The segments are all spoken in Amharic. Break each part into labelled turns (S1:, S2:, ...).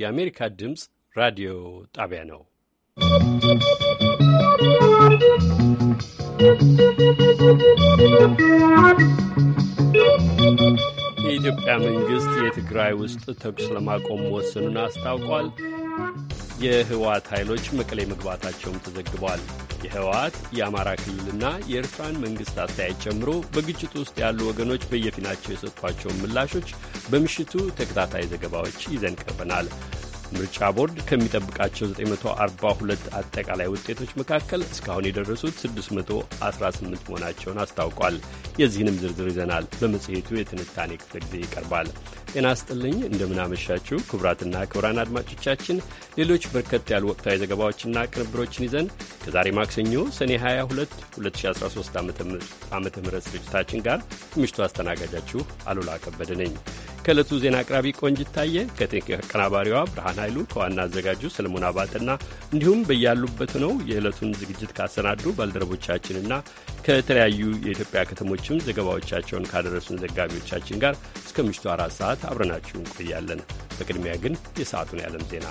S1: የአሜሪካ ድምፅ ራዲዮ ጣቢያ ነው። የኢትዮጵያ መንግሥት የትግራይ ውስጥ ተኩስ ለማቆም መወሰኑን አስታውቋል። የህወሓት ኃይሎች መቀሌ መግባታቸውም ተዘግቧል። የህወሓት የአማራ ክልልና የኤርትራን መንግስት አስተያየት ጨምሮ በግጭቱ ውስጥ ያሉ ወገኖች በየፊናቸው የሰጥቷቸውን ምላሾች በምሽቱ ተከታታይ ዘገባዎች ይዘን ቀርበናል። ምርጫ ቦርድ ከሚጠብቃቸው 942 አጠቃላይ ውጤቶች መካከል እስካሁን የደረሱት 618 መሆናቸውን አስታውቋል። የዚህንም ዝርዝር ይዘናል በመጽሔቱ የትንታኔ ክፍለ ጊዜ ይቀርባል። ጤና ስጥልኝ፣ እንደምናመሻችሁ ክቡራትና ክቡራን አድማጮቻችን ሌሎች በርከት ያሉ ወቅታዊ ዘገባዎችና ቅንብሮችን ይዘን ከዛሬ ማክሰኞ ሰኔ 22 2013 ዓ ም ስርጭታችን ጋር ምሽቱ አስተናጋጃችሁ አሉላ ከበደ ነኝ። ከእለቱ ዜና አቅራቢ ቆንጅት ታየ፣ ከቴክኒክ አቀናባሪዋ ብርሃን ኃይሉ፣ ከዋና አዘጋጁ ሰለሞን አባትና እንዲሁም በያሉበት ነው የዕለቱን ዝግጅት ካሰናዱ ባልደረቦቻችንና ከተለያዩ የኢትዮጵያ ከተሞችም ዘገባዎቻቸውን ካደረሱን ዘጋቢዎቻችን ጋር እስከ ምሽቱ አራት ሰዓት አብረናችሁ እንቆያለን። በቅድሚያ ግን የሰዓቱን የዓለም ዜና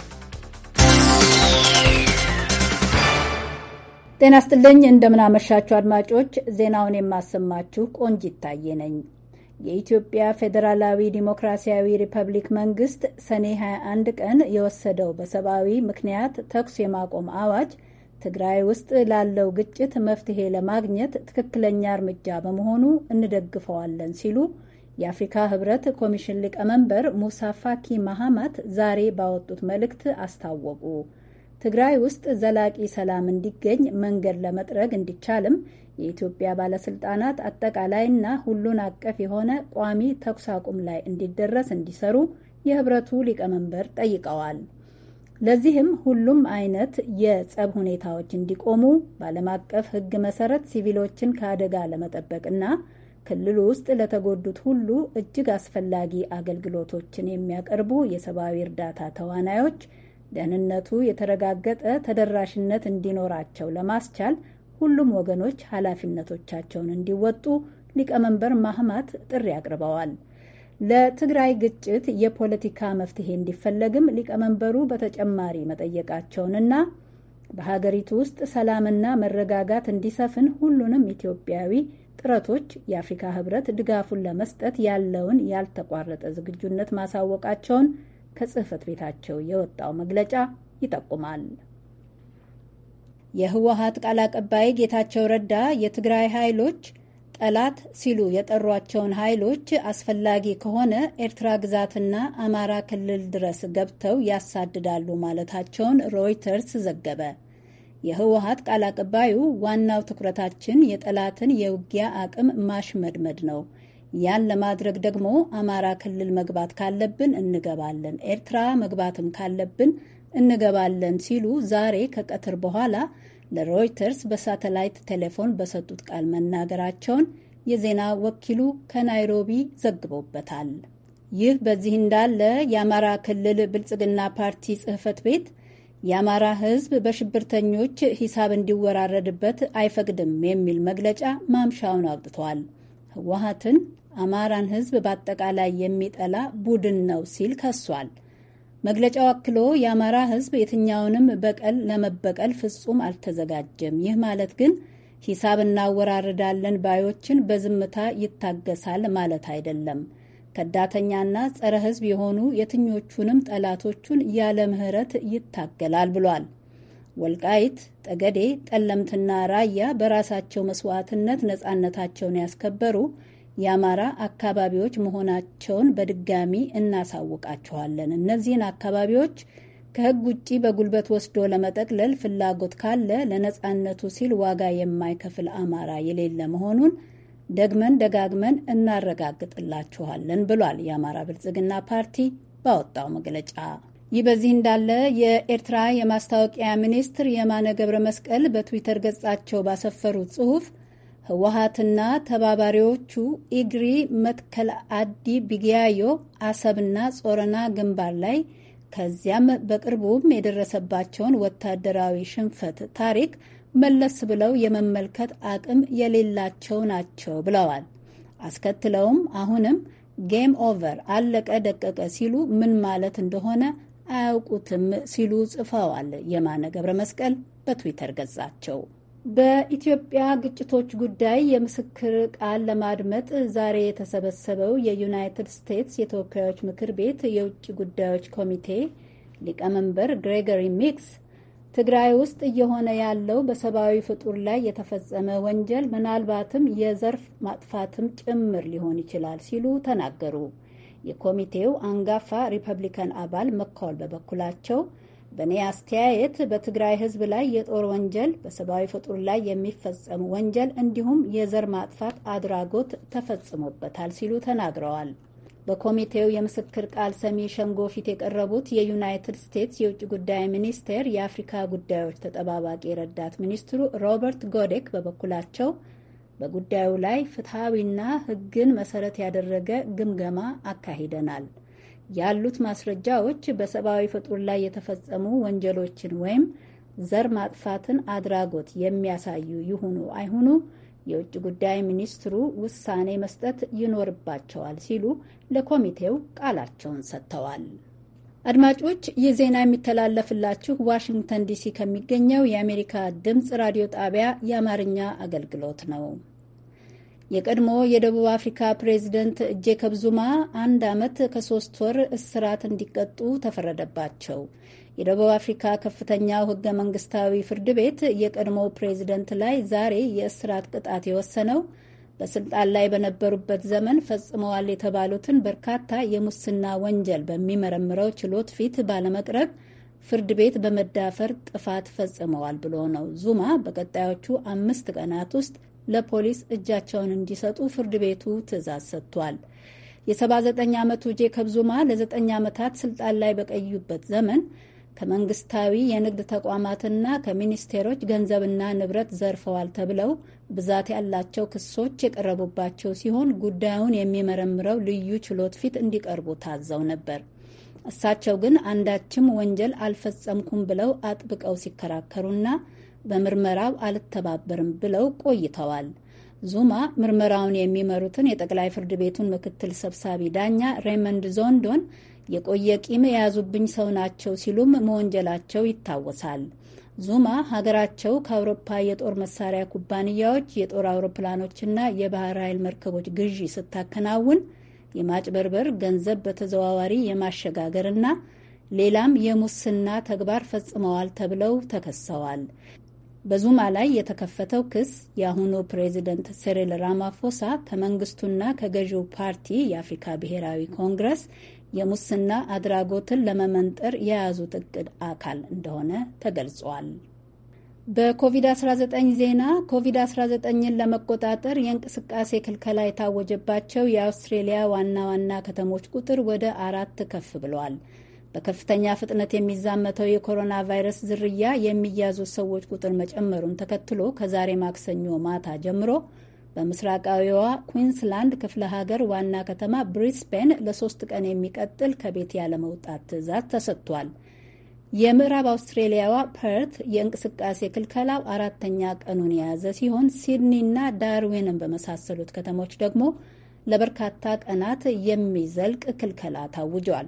S2: ጤና ስጥልኝ እንደምናመሻችሁ አድማጮች ዜናውን የማሰማችሁ ቆንጅ ይታየ ነኝ የኢትዮጵያ ፌዴራላዊ ዲሞክራሲያዊ ሪፐብሊክ መንግስት ሰኔ 21 ቀን የወሰደው በሰብአዊ ምክንያት ተኩስ የማቆም አዋጅ ትግራይ ውስጥ ላለው ግጭት መፍትሄ ለማግኘት ትክክለኛ እርምጃ በመሆኑ እንደግፈዋለን ሲሉ የአፍሪካ ህብረት ኮሚሽን ሊቀመንበር ሙሳ ፋኪ ማሃማት ዛሬ ባወጡት መልእክት አስታወቁ። ትግራይ ውስጥ ዘላቂ ሰላም እንዲገኝ መንገድ ለመጥረግ እንዲቻልም የኢትዮጵያ ባለስልጣናት አጠቃላይና ሁሉን አቀፍ የሆነ ቋሚ ተኩስ አቁም ላይ እንዲደረስ እንዲሰሩ የህብረቱ ሊቀመንበር ጠይቀዋል። ለዚህም ሁሉም አይነት የጸብ ሁኔታዎች እንዲቆሙ በዓለም አቀፍ ሕግ መሰረት ሲቪሎችን ከአደጋ ለመጠበቅና ክልሉ ውስጥ ለተጎዱት ሁሉ እጅግ አስፈላጊ አገልግሎቶችን የሚያቀርቡ የሰብአዊ እርዳታ ተዋናዮች ደህንነቱ የተረጋገጠ ተደራሽነት እንዲኖራቸው ለማስቻል ሁሉም ወገኖች ኃላፊነቶቻቸውን እንዲወጡ ሊቀመንበር ማህማት ጥሪ አቅርበዋል። ለትግራይ ግጭት የፖለቲካ መፍትሄ እንዲፈለግም ሊቀመንበሩ በተጨማሪ መጠየቃቸውንና በሀገሪቱ ውስጥ ሰላምና መረጋጋት እንዲሰፍን ሁሉንም ኢትዮጵያዊ ጥረቶች የአፍሪካ ህብረት ድጋፉን ለመስጠት ያለውን ያልተቋረጠ ዝግጁነት ማሳወቃቸውን ከጽህፈት ቤታቸው የወጣው መግለጫ ይጠቁማል። የህወሀት ቃል አቀባይ ጌታቸው ረዳ የትግራይ ኃይሎች ጠላት ሲሉ የጠሯቸውን ኃይሎች አስፈላጊ ከሆነ ኤርትራ ግዛትና አማራ ክልል ድረስ ገብተው ያሳድዳሉ ማለታቸውን ሮይተርስ ዘገበ። የህወሀት ቃል አቀባዩ ዋናው ትኩረታችን የጠላትን የውጊያ አቅም ማሽመድመድ ነው፣ ያን ለማድረግ ደግሞ አማራ ክልል መግባት ካለብን እንገባለን፣ ኤርትራ መግባትም ካለብን እንገባለን ሲሉ ዛሬ ከቀትር በኋላ ለሮይተርስ በሳተላይት ቴሌፎን በሰጡት ቃል መናገራቸውን የዜና ወኪሉ ከናይሮቢ ዘግቦበታል። ይህ በዚህ እንዳለ የአማራ ክልል ብልጽግና ፓርቲ ጽህፈት ቤት የአማራ ሕዝብ በሽብርተኞች ሂሳብ እንዲወራረድበት አይፈቅድም የሚል መግለጫ ማምሻውን አውጥቷል። ህወሀትን አማራን ህዝብ በአጠቃላይ የሚጠላ ቡድን ነው ሲል ከሷል። መግለጫው አክሎ የአማራ ህዝብ የትኛውንም በቀል ለመበቀል ፍጹም አልተዘጋጀም። ይህ ማለት ግን ሂሳብ እናወራርዳለን ባዮችን በዝምታ ይታገሳል ማለት አይደለም። ከዳተኛና ጸረ ህዝብ የሆኑ የትኞቹንም ጠላቶቹን ያለ ምህረት ይታገላል ብሏል። ወልቃይት፣ ጠገዴ፣ ጠለምትና ራያ በራሳቸው መስዋዕትነት ነጻነታቸውን ያስከበሩ የአማራ አካባቢዎች መሆናቸውን በድጋሚ እናሳውቃችኋለን። እነዚህን አካባቢዎች ከሕግ ውጭ በጉልበት ወስዶ ለመጠቅለል ፍላጎት ካለ ለነጻነቱ ሲል ዋጋ የማይከፍል አማራ የሌለ መሆኑን ደግመን ደጋግመን እናረጋግጥላችኋለን ብሏል የአማራ ብልጽግና ፓርቲ ባወጣው መግለጫ። ይህ በዚህ እንዳለ የኤርትራ የማስታወቂያ ሚኒስትር የማነ ገብረ መስቀል በትዊተር ገጻቸው ባሰፈሩት ጽሑፍ ህወሀትና ተባባሪዎቹ ኢግሪ መትከል አዲ ቢግያዮ አሰብና ጾረና ግንባር ላይ ከዚያም በቅርቡም የደረሰባቸውን ወታደራዊ ሽንፈት ታሪክ መለስ ብለው የመመልከት አቅም የሌላቸው ናቸው ብለዋል። አስከትለውም አሁንም ጌም ኦቨር አለቀ ደቀቀ ሲሉ ምን ማለት እንደሆነ አያውቁትም ሲሉ ጽፈዋል የማነ ገብረ መስቀል በትዊተር ገጻቸው። በኢትዮጵያ ግጭቶች ጉዳይ የምስክር ቃል ለማድመጥ ዛሬ የተሰበሰበው የዩናይትድ ስቴትስ የተወካዮች ምክር ቤት የውጭ ጉዳዮች ኮሚቴ ሊቀመንበር ግሬጎሪ ሚክስ ትግራይ ውስጥ እየሆነ ያለው በሰብአዊ ፍጡር ላይ የተፈጸመ ወንጀል ምናልባትም የዘርፍ ማጥፋትም ጭምር ሊሆን ይችላል ሲሉ ተናገሩ። የኮሚቴው አንጋፋ ሪፐብሊካን አባል መኮል በበኩላቸው በእኔ አስተያየት በትግራይ ሕዝብ ላይ የጦር ወንጀል፣ በሰብአዊ ፍጡር ላይ የሚፈጸም ወንጀል እንዲሁም የዘር ማጥፋት አድራጎት ተፈጽሞበታል ሲሉ ተናግረዋል። በኮሚቴው የምስክር ቃል ሰሚ ሸንጎ ፊት የቀረቡት የዩናይትድ ስቴትስ የውጭ ጉዳይ ሚኒስቴር የአፍሪካ ጉዳዮች ተጠባባቂ ረዳት ሚኒስትሩ ሮበርት ጎዴክ በበኩላቸው በጉዳዩ ላይ ፍትሐዊና ሕግን መሰረት ያደረገ ግምገማ አካሂደናል። ያሉት ማስረጃዎች በሰብአዊ ፍጡር ላይ የተፈጸሙ ወንጀሎችን ወይም ዘር ማጥፋትን አድራጎት የሚያሳዩ ይሁኑ አይሁኑ የውጭ ጉዳይ ሚኒስትሩ ውሳኔ መስጠት ይኖርባቸዋል ሲሉ ለኮሚቴው ቃላቸውን ሰጥተዋል። አድማጮች ይህ ዜና የሚተላለፍላችሁ ዋሽንግተን ዲሲ ከሚገኘው የአሜሪካ ድምፅ ራዲዮ ጣቢያ የአማርኛ አገልግሎት ነው። የቀድሞ የደቡብ አፍሪካ ፕሬዚደንት ጄኮብ ዙማ አንድ ዓመት ከሶስት ወር እስራት እንዲቀጡ ተፈረደባቸው። የደቡብ አፍሪካ ከፍተኛው ህገ መንግስታዊ ፍርድ ቤት የቀድሞ ፕሬዚደንት ላይ ዛሬ የእስራት ቅጣት የወሰነው በስልጣን ላይ በነበሩበት ዘመን ፈጽመዋል የተባሉትን በርካታ የሙስና ወንጀል በሚመረምረው ችሎት ፊት ባለመቅረብ ፍርድ ቤት በመዳፈር ጥፋት ፈጽመዋል ብሎ ነው ዙማ በቀጣዮቹ አምስት ቀናት ውስጥ ለፖሊስ እጃቸውን እንዲሰጡ ፍርድ ቤቱ ትዕዛዝ ሰጥቷል። የ79 ዓመቱ ጄከብ ዙማ ለ9 ዓመታት ስልጣን ላይ በቀዩበት ዘመን ከመንግስታዊ የንግድ ተቋማትና ከሚኒስቴሮች ገንዘብና ንብረት ዘርፈዋል ተብለው ብዛት ያላቸው ክሶች የቀረቡባቸው ሲሆን ጉዳዩን የሚመረምረው ልዩ ችሎት ፊት እንዲቀርቡ ታዘው ነበር። እሳቸው ግን አንዳችም ወንጀል አልፈጸምኩም ብለው አጥብቀው ሲከራከሩና በምርመራው አልተባበርም ብለው ቆይተዋል። ዙማ ምርመራውን የሚመሩትን የጠቅላይ ፍርድ ቤቱን ምክትል ሰብሳቢ ዳኛ ሬይመንድ ዞንዶን የቆየ ቂም የያዙብኝ ሰው ናቸው ሲሉም መወንጀላቸው ይታወሳል። ዙማ ሀገራቸው ከአውሮፓ የጦር መሳሪያ ኩባንያዎች የጦር አውሮፕላኖችና የባህር ኃይል መርከቦች ግዢ ስታከናውን የማጭበርበር ገንዘብ በተዘዋዋሪ የማሸጋገርና ሌላም የሙስና ተግባር ፈጽመዋል ተብለው ተከሰዋል። በዙማ ላይ የተከፈተው ክስ የአሁኑ ፕሬዚደንት ሲሪል ራማፎሳ ከመንግስቱና ከገዢው ፓርቲ የአፍሪካ ብሔራዊ ኮንግረስ የሙስና አድራጎትን ለመመንጠር የያዙት እቅድ አካል እንደሆነ ተገልጿል። በኮቪድ-19 ዜና ኮቪድ-19ን ለመቆጣጠር የእንቅስቃሴ ክልከላ የታወጀባቸው የአውስትሬሊያ ዋና ዋና ከተሞች ቁጥር ወደ አራት ከፍ ብሏል። በከፍተኛ ፍጥነት የሚዛመተው የኮሮና ቫይረስ ዝርያ የሚያዙ ሰዎች ቁጥር መጨመሩን ተከትሎ ከዛሬ ማክሰኞ ማታ ጀምሮ በምስራቃዊዋ ኩዊንስላንድ ክፍለ ሀገር ዋና ከተማ ብሪስቤን ለሶስት ቀን የሚቀጥል ከቤት ያለመውጣት ትዕዛዝ ተሰጥቷል። የምዕራብ አውስትሬሊያዋ ፐርት የእንቅስቃሴ ክልከላው አራተኛ ቀኑን የያዘ ሲሆን ሲድኒና ዳርዊንን በመሳሰሉት ከተሞች ደግሞ ለበርካታ ቀናት የሚዘልቅ ክልከላ ታውጇል።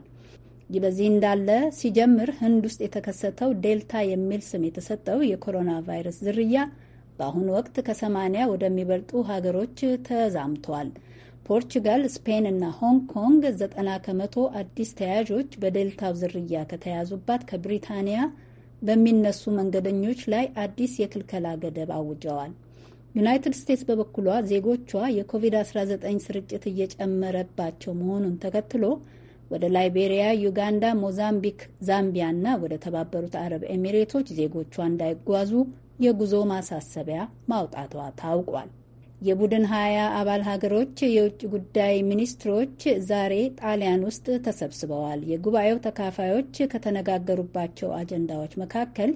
S2: ይህ በዚህ እንዳለ ሲጀምር ህንድ ውስጥ የተከሰተው ዴልታ የሚል ስም የተሰጠው የኮሮና ቫይረስ ዝርያ በአሁኑ ወቅት ከሰማንያ ወደሚበልጡ ሀገሮች ተዛምቷል። ፖርቹጋል፣ ስፔን እና ሆንግ ኮንግ ዘጠና ከመቶ አዲስ ተያዦች በዴልታው ዝርያ ከተያዙባት ከብሪታንያ በሚነሱ መንገደኞች ላይ አዲስ የክልከላ ገደብ አውጀዋል። ዩናይትድ ስቴትስ በበኩሏ ዜጎቿ የኮቪድ-19 ስርጭት እየጨመረባቸው መሆኑን ተከትሎ ወደ ላይቤሪያ፣ ዩጋንዳ፣ ሞዛምቢክ፣ ዛምቢያ እና ወደ ተባበሩት አረብ ኤሚሬቶች ዜጎቿ እንዳይጓዙ የጉዞ ማሳሰቢያ ማውጣቷ ታውቋል። የቡድን ሀያ አባል ሀገሮች የውጭ ጉዳይ ሚኒስትሮች ዛሬ ጣሊያን ውስጥ ተሰብስበዋል። የጉባኤው ተካፋዮች ከተነጋገሩባቸው አጀንዳዎች መካከል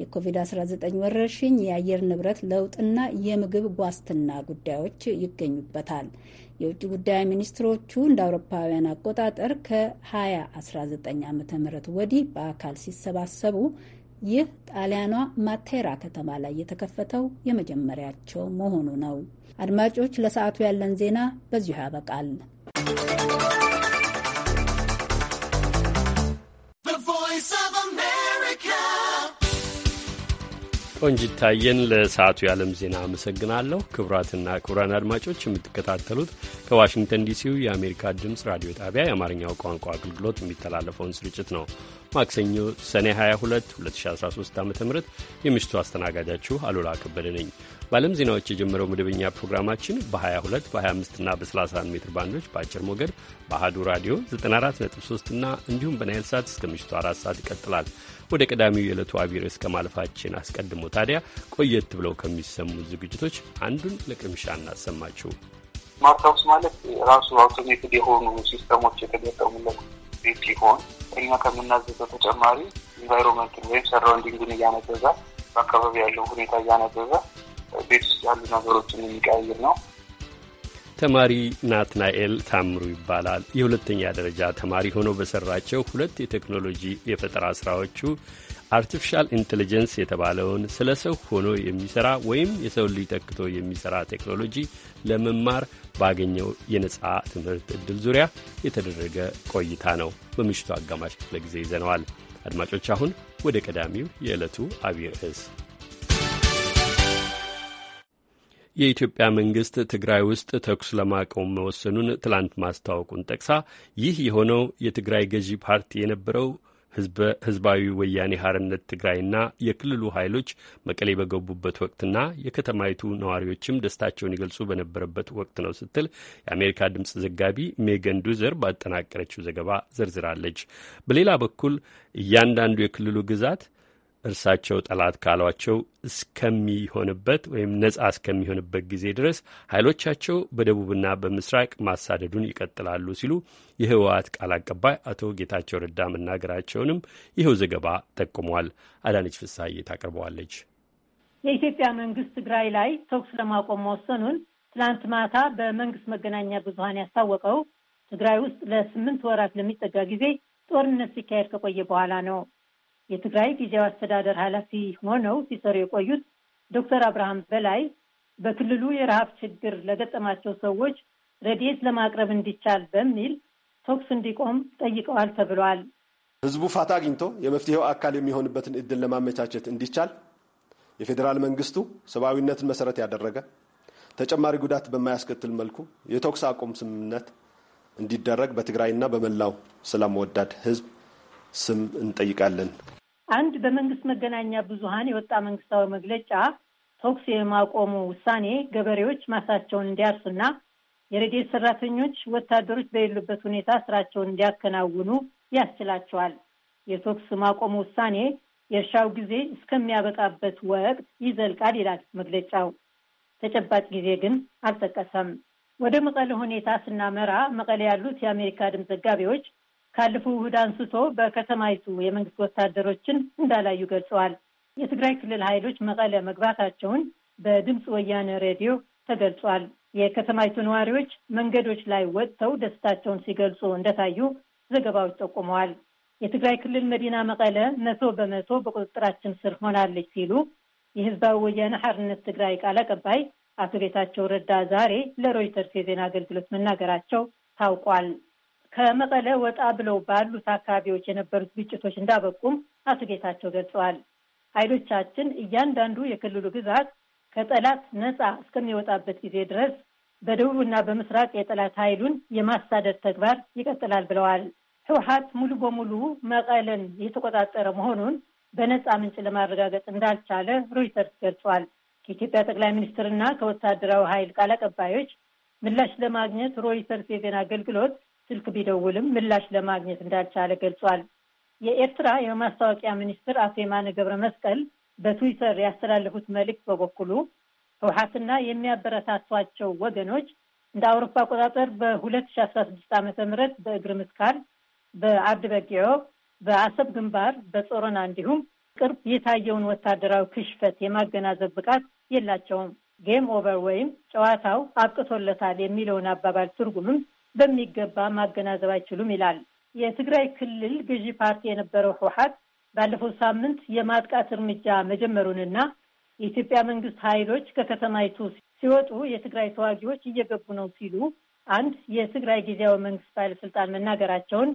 S2: የኮቪድ-19 ወረርሽኝ፣ የአየር ንብረት ለውጥና የምግብ ዋስትና ጉዳዮች ይገኙበታል። የውጭ ጉዳይ ሚኒስትሮቹ እንደ አውሮፓውያን አቆጣጠር ከ2019 ዓ ም ወዲህ በአካል ሲሰባሰቡ ይህ ጣሊያኗ ማቴራ ከተማ ላይ የተከፈተው የመጀመሪያቸው መሆኑ ነው። አድማጮች፣ ለሰዓቱ ያለን ዜና በዚሁ ያበቃል።
S1: ቆንጅታየን ለሰዓቱ የዓለም ዜና አመሰግናለሁ። ክቡራትና ክቡራን አድማጮች የምትከታተሉት ከዋሽንግተን ዲሲው የአሜሪካ ድምፅ ራዲዮ ጣቢያ የአማርኛው ቋንቋ አገልግሎት የሚተላለፈውን ስርጭት ነው። ማክሰኞ ሰኔ 22 2013 ዓ ም የምሽቱ አስተናጋጃችሁ አሉላ ከበደ ነኝ። በዓለም ዜናዎች የጀመረው መደበኛ ፕሮግራማችን በ22 በ25 እና በ31 ሜትር ባንዶች በአጭር ሞገድ በአህዱ ራዲዮ 943 እና እንዲሁም በናይል ሳት እስከ ምሽቱ አራት ሰዓት ይቀጥላል። ወደ ቀዳሚው የዕለቱ አቢር እስከ ማለፋችን አስቀድሞ ታዲያ ቆየት ብለው ከሚሰሙ ዝግጅቶች አንዱን ለቅምሻ እናሰማችሁ።
S3: ስማርት ማለት ራሱ አውቶሜትድ የሆኑ ሲስተሞች የተገጠሙለት ቤት ሲሆን እኛ ከምናዘዘው ተጨማሪ ኢንቫይሮንመንትን ወይም ሰራውንዲንግን እያነበበ በአካባቢ ያለው ሁኔታ እያነበበ ቤት ውስጥ ያሉ ነገሮችን የሚቀያይር ነው።
S1: ተማሪ ናትናኤል ታምሩ ይባላል። የሁለተኛ ደረጃ ተማሪ ሆኖ በሰራቸው ሁለት የቴክኖሎጂ የፈጠራ ስራዎቹ አርቲፊሻል ኢንቴሊጀንስ የተባለውን ስለ ሰው ሆኖ የሚሰራ ወይም የሰው ልጅ ተክቶ የሚሰራ ቴክኖሎጂ ለመማር ባገኘው የነጻ ትምህርት ዕድል ዙሪያ የተደረገ ቆይታ ነው በምሽቱ አጋማሽ ክፍለ ጊዜ ይዘነዋል። አድማጮች አሁን ወደ ቀዳሚው የዕለቱ አብይ ርዕስ የኢትዮጵያ መንግስት ትግራይ ውስጥ ተኩስ ለማቆም መወሰኑን ትላንት ማስታወቁን ጠቅሳ ይህ የሆነው የትግራይ ገዢ ፓርቲ የነበረው ህዝባዊ ወያኔ ሀርነት ትግራይና የክልሉ ኃይሎች መቀሌ በገቡበት ወቅትና የከተማይቱ ነዋሪዎችም ደስታቸውን ይገልጹ በነበረበት ወቅት ነው ስትል የአሜሪካ ድምፅ ዘጋቢ ሜገን ዱዘር ባጠናቀረችው ዘገባ ዘርዝራለች። በሌላ በኩል እያንዳንዱ የክልሉ ግዛት እርሳቸው ጠላት ካሏቸው እስከሚሆንበት ወይም ነጻ እስከሚሆንበት ጊዜ ድረስ ኃይሎቻቸው በደቡብና በምስራቅ ማሳደዱን ይቀጥላሉ ሲሉ የህወሓት ቃል አቀባይ አቶ ጌታቸው ረዳ መናገራቸውንም ይኸው ዘገባ ጠቁሟል። አዳነች ፍሳዬ ታቀርበዋለች።
S4: የኢትዮጵያ መንግስት ትግራይ ላይ ተኩስ ለማቆም መወሰኑን ትላንት ማታ በመንግስት መገናኛ ብዙሀን ያስታወቀው ትግራይ ውስጥ ለስምንት ወራት ለሚጠጋ ጊዜ ጦርነት ሲካሄድ ከቆየ በኋላ ነው። የትግራይ ጊዜያዊ አስተዳደር ኃላፊ ሆነው ሲሰሩ የቆዩት ዶክተር አብርሃም በላይ በክልሉ የረሃብ ችግር ለገጠማቸው ሰዎች ረድኤት ለማቅረብ እንዲቻል በሚል ተኩስ እንዲቆም ጠይቀዋል ተብሏል።
S5: ህዝቡ ፋታ አግኝቶ የመፍትሄው አካል የሚሆንበትን እድል ለማመቻቸት እንዲቻል የፌዴራል መንግስቱ ሰብአዊነትን መሰረት ያደረገ ተጨማሪ ጉዳት በማያስከትል መልኩ የተኩስ አቁም ስምምነት
S1: እንዲደረግ በትግራይና በመላው ሰላም ወዳድ ህዝብ ስም እንጠይቃለን።
S4: አንድ በመንግስት መገናኛ ብዙሀን የወጣ መንግስታዊ መግለጫ ተኩስ የማቆሙ ውሳኔ ገበሬዎች ማሳቸውን እንዲያርሱና የረድኤት ሰራተኞች ወታደሮች በሌሉበት ሁኔታ ስራቸውን እንዲያከናውኑ ያስችላቸዋል። የተኩስ ማቆሙ ውሳኔ የእርሻው ጊዜ እስከሚያበቃበት ወቅት ይዘልቃል ይላል መግለጫው። ተጨባጭ ጊዜ ግን አልጠቀሰም። ወደ መቀለ ሁኔታ ስናመራ መቀለ ያሉት የአሜሪካ ድምፅ ዘጋቢዎች ካለፈው እሁድ አንስቶ በከተማይቱ የመንግስት ወታደሮችን እንዳላዩ ገልጸዋል። የትግራይ ክልል ኃይሎች መቀለ መግባታቸውን በድምፅ ወያነ ሬዲዮ ተገልጿል። የከተማይቱ ነዋሪዎች መንገዶች ላይ ወጥተው ደስታቸውን ሲገልጹ እንደታዩ ዘገባዎች ጠቁመዋል። የትግራይ ክልል መዲና መቀለ መቶ በመቶ በቁጥጥራችን ስር ሆናለች ሲሉ የህዝባዊ ወያነ ሐርነት ትግራይ ቃል አቀባይ አቶ ጌታቸው ረዳ ዛሬ ለሮይተርስ የዜና አገልግሎት መናገራቸው ታውቋል። ከመቀለ ወጣ ብለው ባሉት አካባቢዎች የነበሩት ግጭቶች እንዳበቁም አቶ ጌታቸው ገልጸዋል። ኃይሎቻችን እያንዳንዱ የክልሉ ግዛት ከጠላት ነፃ እስከሚወጣበት ጊዜ ድረስ በደቡብና በምስራቅ የጠላት ኃይሉን የማሳደድ ተግባር ይቀጥላል ብለዋል። ህወሀት ሙሉ በሙሉ መቀለን የተቆጣጠረ መሆኑን በነፃ ምንጭ ለማረጋገጥ እንዳልቻለ ሮይተርስ ገልጿል። ከኢትዮጵያ ጠቅላይ ሚኒስትርና ከወታደራዊ ኃይል ቃል አቀባዮች ምላሽ ለማግኘት ሮይተርስ የዜና አገልግሎት ስልክ ቢደውልም ምላሽ ለማግኘት እንዳልቻለ ገልጿል። የኤርትራ የማስታወቂያ ሚኒስትር አቶ የማነ ገብረ መስቀል በትዊተር ያስተላለፉት መልእክት በበኩሉ ህወሓትና የሚያበረታቷቸው ወገኖች እንደ አውሮፓ አቆጣጠር በ2016 ዓ ም በእግር ምስካል፣ በአብድ በጊዖ፣ በአሰብ ግንባር፣ በጾሮና እንዲሁም ቅርብ የታየውን ወታደራዊ ክሽፈት የማገናዘብ ብቃት የላቸውም። ጌም ኦቨር ወይም ጨዋታው አብቅቶለታል የሚለውን አባባል ትርጉምም በሚገባ ማገናዘብ አይችሉም ይላል። የትግራይ ክልል ገዢ ፓርቲ የነበረው ህወሀት ባለፈው ሳምንት የማጥቃት እርምጃ መጀመሩንና የኢትዮጵያ መንግስት ኃይሎች ከከተማይቱ ሲወጡ የትግራይ ተዋጊዎች እየገቡ ነው ሲሉ አንድ የትግራይ ጊዜያዊ መንግስት ባለስልጣን መናገራቸውን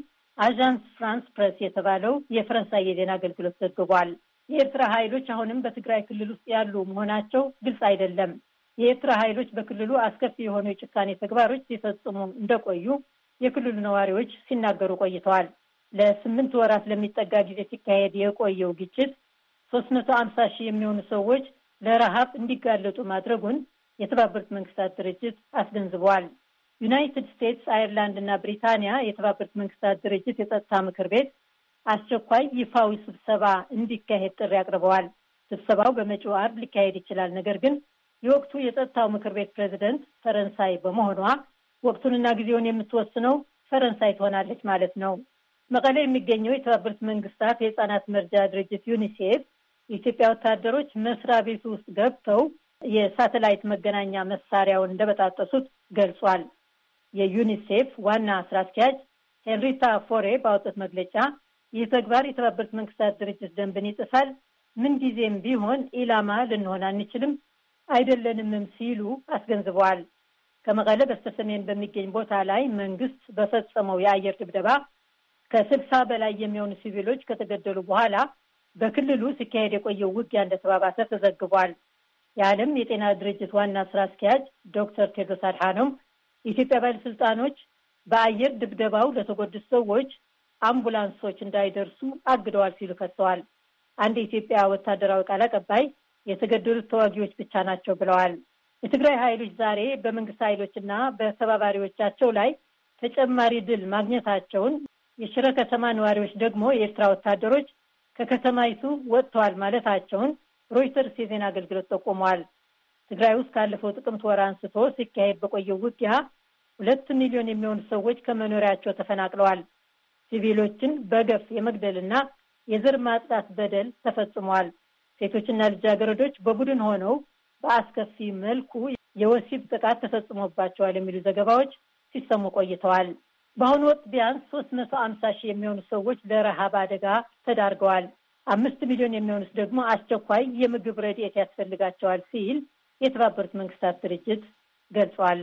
S4: አዣንስ ፍራንስ ፕሬስ የተባለው የፈረንሳይ የዜና አገልግሎት ዘግቧል። የኤርትራ ኃይሎች አሁንም በትግራይ ክልል ውስጥ ያሉ መሆናቸው ግልጽ አይደለም። የኤርትራ ኃይሎች በክልሉ አስከፊ የሆኑ የጭካኔ ተግባሮች ሲፈጽሙ እንደቆዩ የክልሉ ነዋሪዎች ሲናገሩ ቆይተዋል። ለስምንት ወራት ለሚጠጋ ጊዜ ሲካሄድ የቆየው ግጭት ሶስት መቶ አምሳ ሺህ የሚሆኑ ሰዎች ለረሃብ እንዲጋለጡ ማድረጉን የተባበሩት መንግስታት ድርጅት አስገንዝበዋል። ዩናይትድ ስቴትስ፣ አይርላንድ እና ብሪታንያ የተባበሩት መንግስታት ድርጅት የጸጥታ ምክር ቤት አስቸኳይ ይፋዊ ስብሰባ እንዲካሄድ ጥሪ አቅርበዋል። ስብሰባው በመጪው አርብ ሊካሄድ ይችላል፣ ነገር ግን የወቅቱ የጸጥታው ምክር ቤት ፕሬዚደንት ፈረንሳይ በመሆኗ ወቅቱንና ጊዜውን የምትወስነው ፈረንሳይ ትሆናለች ማለት ነው። መቀሌ የሚገኘው የተባበሩት መንግስታት የህፃናት መርጃ ድርጅት ዩኒሴፍ የኢትዮጵያ ወታደሮች መስሪያ ቤቱ ውስጥ ገብተው የሳተላይት መገናኛ መሳሪያውን እንደበጣጠሱት ገልጿል። የዩኒሴፍ ዋና ስራ አስኪያጅ ሄንሪታ ፎሬ ባወጡት መግለጫ ይህ ተግባር የተባበሩት መንግስታት ድርጅት ደንብን ይጥሳል፣ ምንጊዜም ቢሆን ኢላማ ልንሆን አንችልም አይደለንምም ሲሉ አስገንዝበዋል። ከመቀለ በስተሰሜን በሚገኝ ቦታ ላይ መንግስት በፈጸመው የአየር ድብደባ ከስልሳ በላይ የሚሆኑ ሲቪሎች ከተገደሉ በኋላ በክልሉ ሲካሄድ የቆየው ውጊያ እንደተባባሰ ተዘግቧል። የዓለም የጤና ድርጅት ዋና ስራ አስኪያጅ ዶክተር ቴድሮስ አድሓኖም የኢትዮጵያ ባለስልጣኖች በአየር ድብደባው ለተጎዱት ሰዎች አምቡላንሶች እንዳይደርሱ አግደዋል ሲሉ ከሰዋል። አንድ የኢትዮጵያ ወታደራዊ ቃል አቀባይ የተገደሉት ተዋጊዎች ብቻ ናቸው ብለዋል። የትግራይ ኃይሎች ዛሬ በመንግስት ኃይሎችና በተባባሪዎቻቸው ላይ ተጨማሪ ድል ማግኘታቸውን፣ የሽረ ከተማ ነዋሪዎች ደግሞ የኤርትራ ወታደሮች ከከተማይቱ ወጥተዋል ማለታቸውን ሮይተርስ የዜና አገልግሎት ጠቁመዋል። ትግራይ ውስጥ ካለፈው ጥቅምት ወር አንስቶ ሲካሄድ በቆየው ውጊያ ሁለት ሚሊዮን የሚሆኑ ሰዎች ከመኖሪያቸው ተፈናቅለዋል። ሲቪሎችን በገፍ የመግደልና የዘር ማጽዳት በደል ተፈጽሟል። ሴቶችና ልጃገረዶች በቡድን ሆነው በአስከፊ መልኩ የወሲብ ጥቃት ተፈጽሞባቸዋል የሚሉ ዘገባዎች ሲሰሙ ቆይተዋል። በአሁኑ ወቅት ቢያንስ ሶስት መቶ አምሳ ሺህ የሚሆኑ ሰዎች ለረሃብ አደጋ ተዳርገዋል። አምስት ሚሊዮን የሚሆኑት ደግሞ አስቸኳይ የምግብ ረድኤት ያስፈልጋቸዋል ሲል የተባበሩት መንግስታት ድርጅት ገልጿል።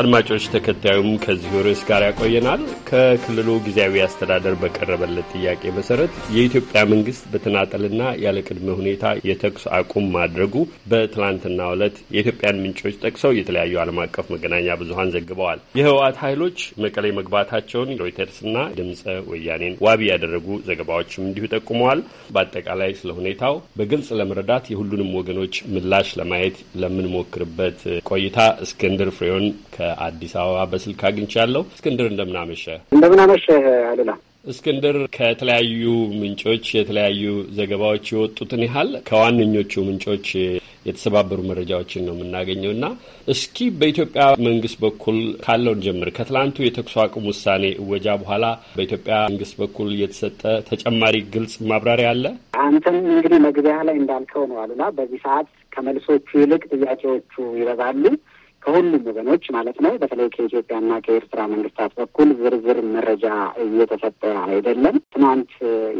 S1: አድማጮች ተከታዩም ከዚሁ ርዕስ ጋር ያቆየናል። ከክልሉ ጊዜያዊ አስተዳደር በቀረበለት ጥያቄ መሰረት የኢትዮጵያ መንግስት በተናጠልና ያለ ቅድመ ሁኔታ የተኩስ አቁም ማድረጉ በትላንትና ዕለት የኢትዮጵያን ምንጮች ጠቅሰው የተለያዩ ዓለም አቀፍ መገናኛ ብዙሀን ዘግበዋል። የህወሓት ኃይሎች መቀሌ መግባታቸውን ሮይተርስና ድምፀ ወያኔን ዋቢ ያደረጉ ዘገባዎችም እንዲሁ ጠቁመዋል። በአጠቃላይ ስለ ሁኔታው በግልጽ ለመረዳት የሁሉንም ወገኖች ምላሽ ለማየት ለምንሞክርበት ቆይታ እስክንድር ፍሬውን ከ ከአዲስ አበባ በስልክ አግኝቻለሁ። እስክንድር እንደምናመሸ
S6: እንደምናመሸ አሉላ
S1: እስክንድር ከተለያዩ ምንጮች የተለያዩ ዘገባዎች የወጡትን ያህል ከዋነኞቹ ምንጮች የተሰባበሩ መረጃዎችን ነው የምናገኘው እና እስኪ በኢትዮጵያ መንግስት በኩል ካለውን ጀምር። ከትላንቱ የተኩስ አቁም ውሳኔ እወጃ በኋላ በኢትዮጵያ መንግስት በኩል የተሰጠ ተጨማሪ ግልጽ ማብራሪያ አለ?
S6: አንተም እንግዲህ መግቢያ ላይ እንዳልከው ነው አሉና፣ በዚህ ሰዓት ከመልሶቹ ይልቅ ጥያቄዎቹ ይበዛሉ። ከሁሉም ወገኖች ማለት ነው በተለይ ከኢትዮጵያና ከኤርትራ መንግስታት በኩል ዝርዝር መረጃ እየተሰጠ አይደለም። ትናንት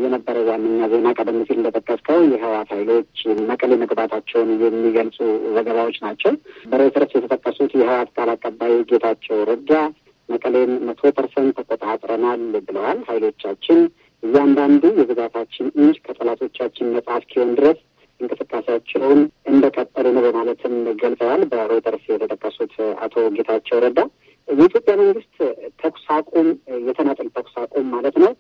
S6: የነበረ ዋነኛ ዜና ቀደም ሲል እንደጠቀስከው የህወሓት ኃይሎች መቀሌ መግባታቸውን የሚገልጹ ዘገባዎች ናቸው። በሮይተርስ የተጠቀሱት የህወሓት ቃል አቀባይ ጌታቸው ረዳ መቀሌን መቶ ፐርሰንት ተቆጣጥረናል ብለዋል። ኃይሎቻችን እያንዳንዱ የግዛታችን እንጅ ከጠላቶቻችን ነጻ እስኪሆን ድረስ እንቅስቃሴያቸውን እንደቀጠሉ ነው በማለትም ገልጸዋል። በሮይተርስ የተጠቀሱት አቶ ጌታቸው ረዳ የኢትዮጵያ መንግስት ተኩስ አቁም የተናጠል ተኩስ አቁም ማለት ነው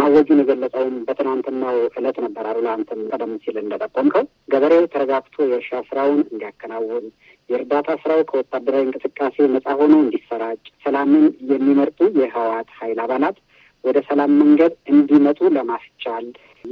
S6: ማወጁን የገለጸውም በትናንትናው እለት ነበር። አሉላ አንተም ቀደም ሲል እንደጠቆምከው ገበሬው ተረጋግቶ የእርሻ ስራውን እንዲያከናውን፣ የእርዳታ ስራው ከወታደራዊ እንቅስቃሴ ነጻ ሆኖ እንዲሰራጭ፣ ሰላምን የሚመርጡ የህወሓት ኃይል አባላት ወደ ሰላም መንገድ እንዲመጡ ለማስቻል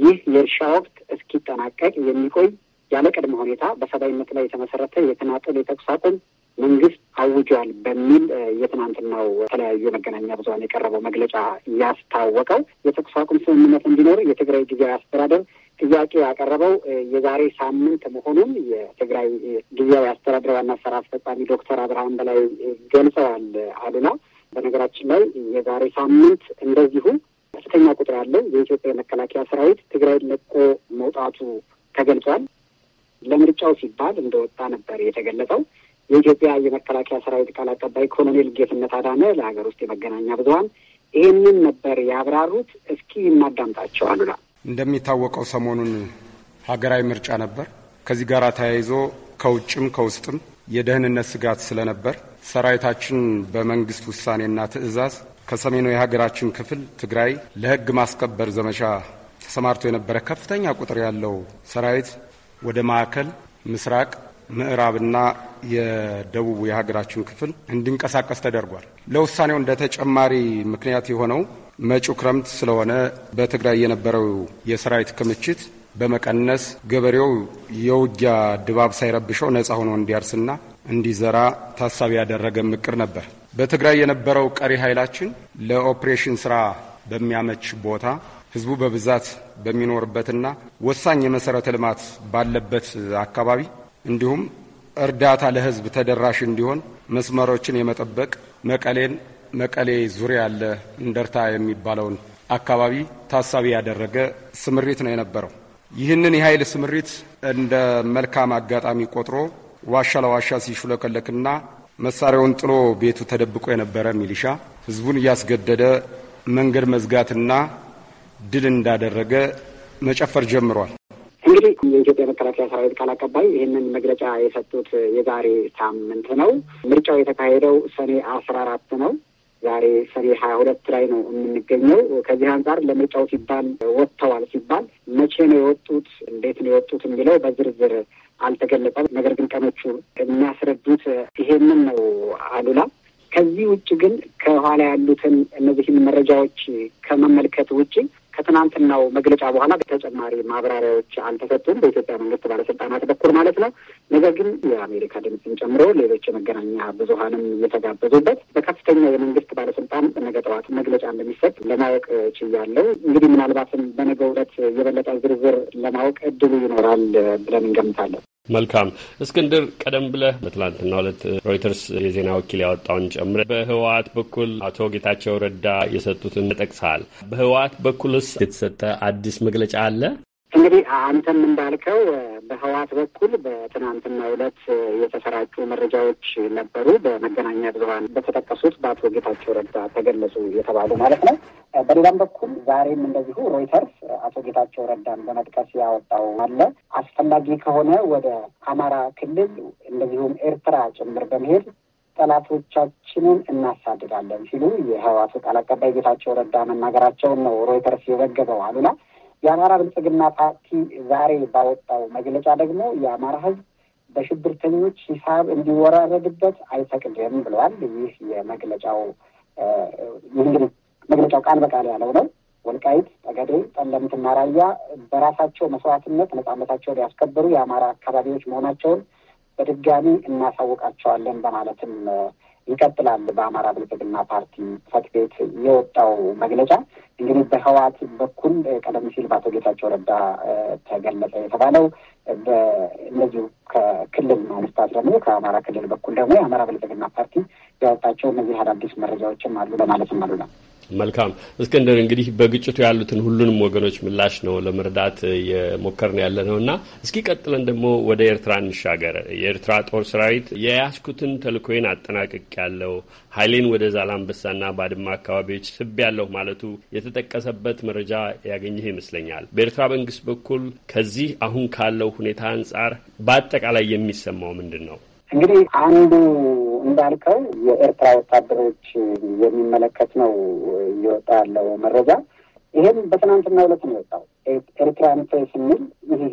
S6: ይህ የእርሻ ወቅት እስኪጠናቀቅ የሚቆይ ያለ ቅድመ ሁኔታ በሰብአዊነት ላይ የተመሰረተ የተናጠል የተኩስ አቁም መንግስት አውጇል በሚል የትናንትናው የተለያዩ መገናኛ ብዙን የቀረበው መግለጫ ያስታወቀው የተኩስ አቁም ስምምነት እንዲኖር የትግራይ ጊዜያዊ አስተዳደር ጥያቄ ያቀረበው የዛሬ ሳምንት መሆኑን የትግራይ ጊዜያዊ አስተዳደር ዋና ስራ አስፈጻሚ ዶክተር አብርሃም በላይ ገልጸዋል። አሉና በነገራችን ላይ የዛሬ ሳምንት እንደዚሁ ከፍተኛ ቁጥር ያለው የኢትዮጵያ የመከላከያ ሰራዊት ትግራይ ለቆ መውጣቱ ተገልጿል። ለምርጫው ሲባል እንደወጣ ነበር የተገለጸው። የኢትዮጵያ የመከላከያ ሰራዊት ቃል አቀባይ ኮሎኔል ጌትነት አዳነ ለሀገር ውስጥ የመገናኛ ብዙኃን ይህንን ነበር ያብራሩት። እስኪ እናዳምጣቸው። አሉላ፣
S5: እንደሚታወቀው ሰሞኑን ሀገራዊ ምርጫ ነበር። ከዚህ ጋር ተያይዞ ከውጭም ከውስጥም የደህንነት ስጋት ስለነበር ሰራዊታችን በመንግስት ውሳኔና ትዕዛዝ ከሰሜኑ የሀገራችን ክፍል ትግራይ ለህግ ማስከበር ዘመቻ ተሰማርቶ የነበረ ከፍተኛ ቁጥር ያለው ሰራዊት ወደ ማዕከል፣ ምስራቅ፣ ምዕራብና የደቡቡ የሀገራችን ክፍል እንዲንቀሳቀስ ተደርጓል። ለውሳኔው እንደ ተጨማሪ ምክንያት የሆነው መጪው ክረምት ስለሆነ በትግራይ የነበረው የሰራዊት ክምችት በመቀነስ ገበሬው የውጊያ ድባብ ሳይረብሸው ነጻ ሆኖ እንዲያርስና እንዲዘራ ታሳቢ ያደረገ ምቅር ነበር። በትግራይ የነበረው ቀሪ ኃይላችን ለኦፕሬሽን ስራ በሚያመች ቦታ ህዝቡ በብዛት በሚኖርበትና ወሳኝ የመሰረተ ልማት ባለበት አካባቢ እንዲሁም እርዳታ ለህዝብ ተደራሽ እንዲሆን መስመሮችን የመጠበቅ መቀሌን፣ መቀሌ ዙሪያ ያለ እንደርታ የሚባለውን አካባቢ ታሳቢ ያደረገ ስምሪት ነው የነበረው። ይህንን የኃይል ስምሪት እንደ መልካም አጋጣሚ ቆጥሮ ዋሻ ለዋሻ ሲሹለከለክና መሳሪያውን ጥሎ ቤቱ ተደብቆ የነበረ ሚሊሻ ህዝቡን እያስገደደ መንገድ መዝጋትና ድል እንዳደረገ መጨፈር ጀምሯል።
S6: እንግዲህ የኢትዮጵያ መከላከያ ሰራዊት ቃል አቀባይ ይህንን መግለጫ የሰጡት የዛሬ ሳምንት ነው። ምርጫው የተካሄደው ሰኔ አስራ አራት ነው። ዛሬ ሰኔ ሀያ ሁለት ላይ ነው የምንገኘው። ከዚህ አንጻር ለምርጫው ሲባል ወጥተዋል ሲባል መቼ ነው የወጡት፣ እንዴት ነው የወጡት የሚለው በዝርዝር አልተገለጸም። ነገር ግን ቀኖቹ የሚያስረዱት ይሄንን ነው አሉላ። ከዚህ ውጭ ግን ከኋላ ያሉትን እነዚህን መረጃዎች ከመመልከት ውጭ ከትናንትናው መግለጫ በኋላ ተጨማሪ ማብራሪያዎች አልተሰጡም፣ በኢትዮጵያ መንግስት ባለስልጣናት በኩል ማለት ነው። ነገር ግን የአሜሪካ ድምፅን ጨምሮ ሌሎች የመገናኛ ብዙሀንም እየተጋበዙበት በከፍተኛ የመንግስት ባለስልጣን ነገ ጠዋት መግለጫ እንደሚሰጥ ለማወቅ ችያለው። እንግዲህ ምናልባትም በነገ ዕለት የበለጠ ዝርዝር ለማወቅ እድሉ ይኖራል ብለን እንገምታለን።
S1: መልካም እስክንድር፣ ቀደም ብለህ በትላንትና ዕለት ሮይተርስ የዜና ወኪል ያወጣውን ጨምረ በህወሓት በኩል አቶ ጌታቸው ረዳ የሰጡትን ጠቅሰሃል። በህወሓት በኩልስ የተሰጠ አዲስ መግለጫ አለ?
S6: እንግዲህ አንተም እንዳልከው በህዋት በኩል በትናንትና ዕለት የተሰራጩ መረጃዎች ነበሩ። በመገናኛ ብዙኃን በተጠቀሱት በአቶ ጌታቸው ረዳ ተገለጹ የተባሉ ማለት ነው። በሌላም በኩል ዛሬም እንደዚሁ ሮይተርስ አቶ ጌታቸው ረዳን በመጥቀስ ያወጣው አለ። አስፈላጊ ከሆነ ወደ አማራ ክልል እንደዚሁም ኤርትራ ጭምር በመሄድ ጠላቶቻችንን እናሳድዳለን ሲሉ የህዋቱ ቃል አቀባይ ጌታቸው ረዳ መናገራቸውን ነው ሮይተርስ የዘገበው አሉና የአማራ ብልጽግና ፓርቲ ዛሬ ባወጣው መግለጫ ደግሞ የአማራ ህዝብ በሽብርተኞች ሂሳብ እንዲወራረድበት አይፈቅድም ብለዋል። ይህ የመግለጫው እንግዲህ መግለጫው ቃል በቃል ያለው ነው። ወልቃይት፣ ጠገዴ፣ ጠለምትና ራያ በራሳቸው መስዋዕትነት ነጻነታቸውን ያስከበሩ የአማራ አካባቢዎች መሆናቸውን በድጋሚ እናሳውቃቸዋለን በማለትም ይቀጥላል። በአማራ ብልጽግና ፓርቲ ጽሕፈት ቤት የወጣው መግለጫ እንግዲህ በህዋት በኩል ቀደም ሲል በአቶ ጌታቸው ረዳ ተገለጸ የተባለው በእነዚሁ ከክልል መንግስታት ደግሞ ከአማራ ክልል በኩል ደግሞ የአማራ ብልጽግና ፓርቲ ያወጣቸው እነዚህ አዳዲስ መረጃዎችም አሉ ለማለት አሉ ነው።
S1: መልካም እስክንድር፣ እንግዲህ በግጭቱ ያሉትን ሁሉንም ወገኖች ምላሽ ነው ለመረዳት የሞከርን ያለ ነው እና እስኪ ቀጥለን ደግሞ ወደ ኤርትራ እንሻገር። የኤርትራ ጦር ሰራዊት የያዝኩትን ተልእኮዬን አጠናቅቅ ያለው ኃይሌን ወደ ዛላንበሳና ባድማ አካባቢዎች ስብ ያለሁ ማለቱ የተጠቀሰበት መረጃ ያገኘህ ይመስለኛል። በኤርትራ መንግስት በኩል ከዚህ አሁን ካለው ሁኔታ አንጻር በአጠቃላይ የሚሰማው ምንድን ነው?
S6: እንግዲህ አንዱ እንዳልከው የኤርትራ ወታደሮች የሚመለከት ነው እየወጣ ያለው መረጃ። ይህም በትናንትና ሁለት ነው የወጣው። ኤርትራን ፕሬስ የሚል ይህ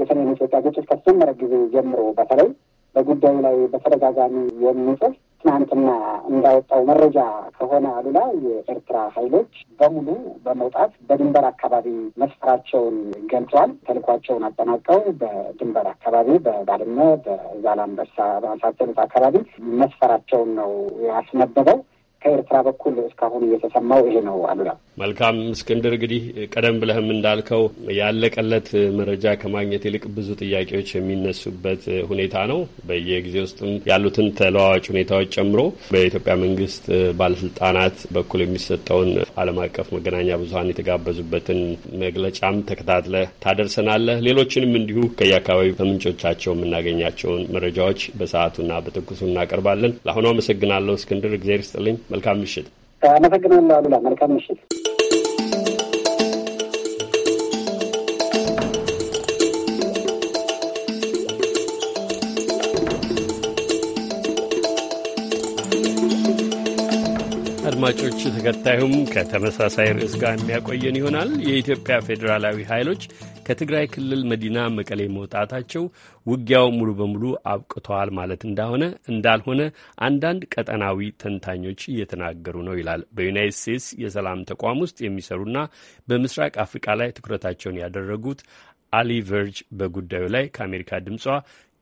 S6: የሰሜን ኢትዮጵያ ግጭት ከተጀመረ ጊዜ ጀምሮ በተለይ በጉዳዩ ላይ በተደጋጋሚ የሚጽፍ ትናንትና እንዳወጣው መረጃ ከሆነ አሉላ የኤርትራ ኃይሎች በሙሉ በመውጣት በድንበር አካባቢ መስፈራቸውን ገልጿል። ተልኳቸውን አጠናቀው በድንበር አካባቢ በባድመ፣ በዛላንበሳ በመሳሰሉት አካባቢ መስፈራቸውን ነው ያስነበበው። ከኤርትራ በኩል እስካሁን እየተሰማው ይሄ ነው አሉላ።
S1: መልካም እስክንድር፣ እንግዲህ ቀደም ብለህም እንዳልከው ያለቀለት መረጃ ከማግኘት ይልቅ ብዙ ጥያቄዎች የሚነሱበት ሁኔታ ነው። በየጊዜ ውስጥም ያሉትን ተለዋዋጭ ሁኔታዎች ጨምሮ በኢትዮጵያ መንግስት ባለስልጣናት በኩል የሚሰጠውን ዓለም አቀፍ መገናኛ ብዙኃን የተጋበዙበትን መግለጫም ተከታትለህ ታደርሰናለህ። ሌሎችንም እንዲሁ ከየአካባቢው ከምንጮቻቸው የምናገኛቸውን መረጃዎች በሰዓቱና በትኩሱ እናቀርባለን። ለአሁኑ አመሰግናለሁ እስክንድር፣ እግዜር ይስጥልኝ። መልካም ምሽት።
S6: አመሰግናለሁ አሉላ። መልካም ምሽት።
S1: አድማጮች፣ ተከታዩም ከተመሳሳይ ርዕስ ጋር የሚያቆየን ይሆናል። የኢትዮጵያ ፌዴራላዊ ኃይሎች ከትግራይ ክልል መዲና መቀሌ መውጣታቸው ውጊያው ሙሉ በሙሉ አብቅተዋል ማለት እንዳሆነ እንዳልሆነ አንዳንድ ቀጠናዊ ተንታኞች እየተናገሩ ነው ይላል በዩናይት ስቴትስ የሰላም ተቋም ውስጥ የሚሰሩና በምስራቅ አፍሪቃ ላይ ትኩረታቸውን ያደረጉት አሊ ቨርጅ በጉዳዩ ላይ ከአሜሪካ ድምጿ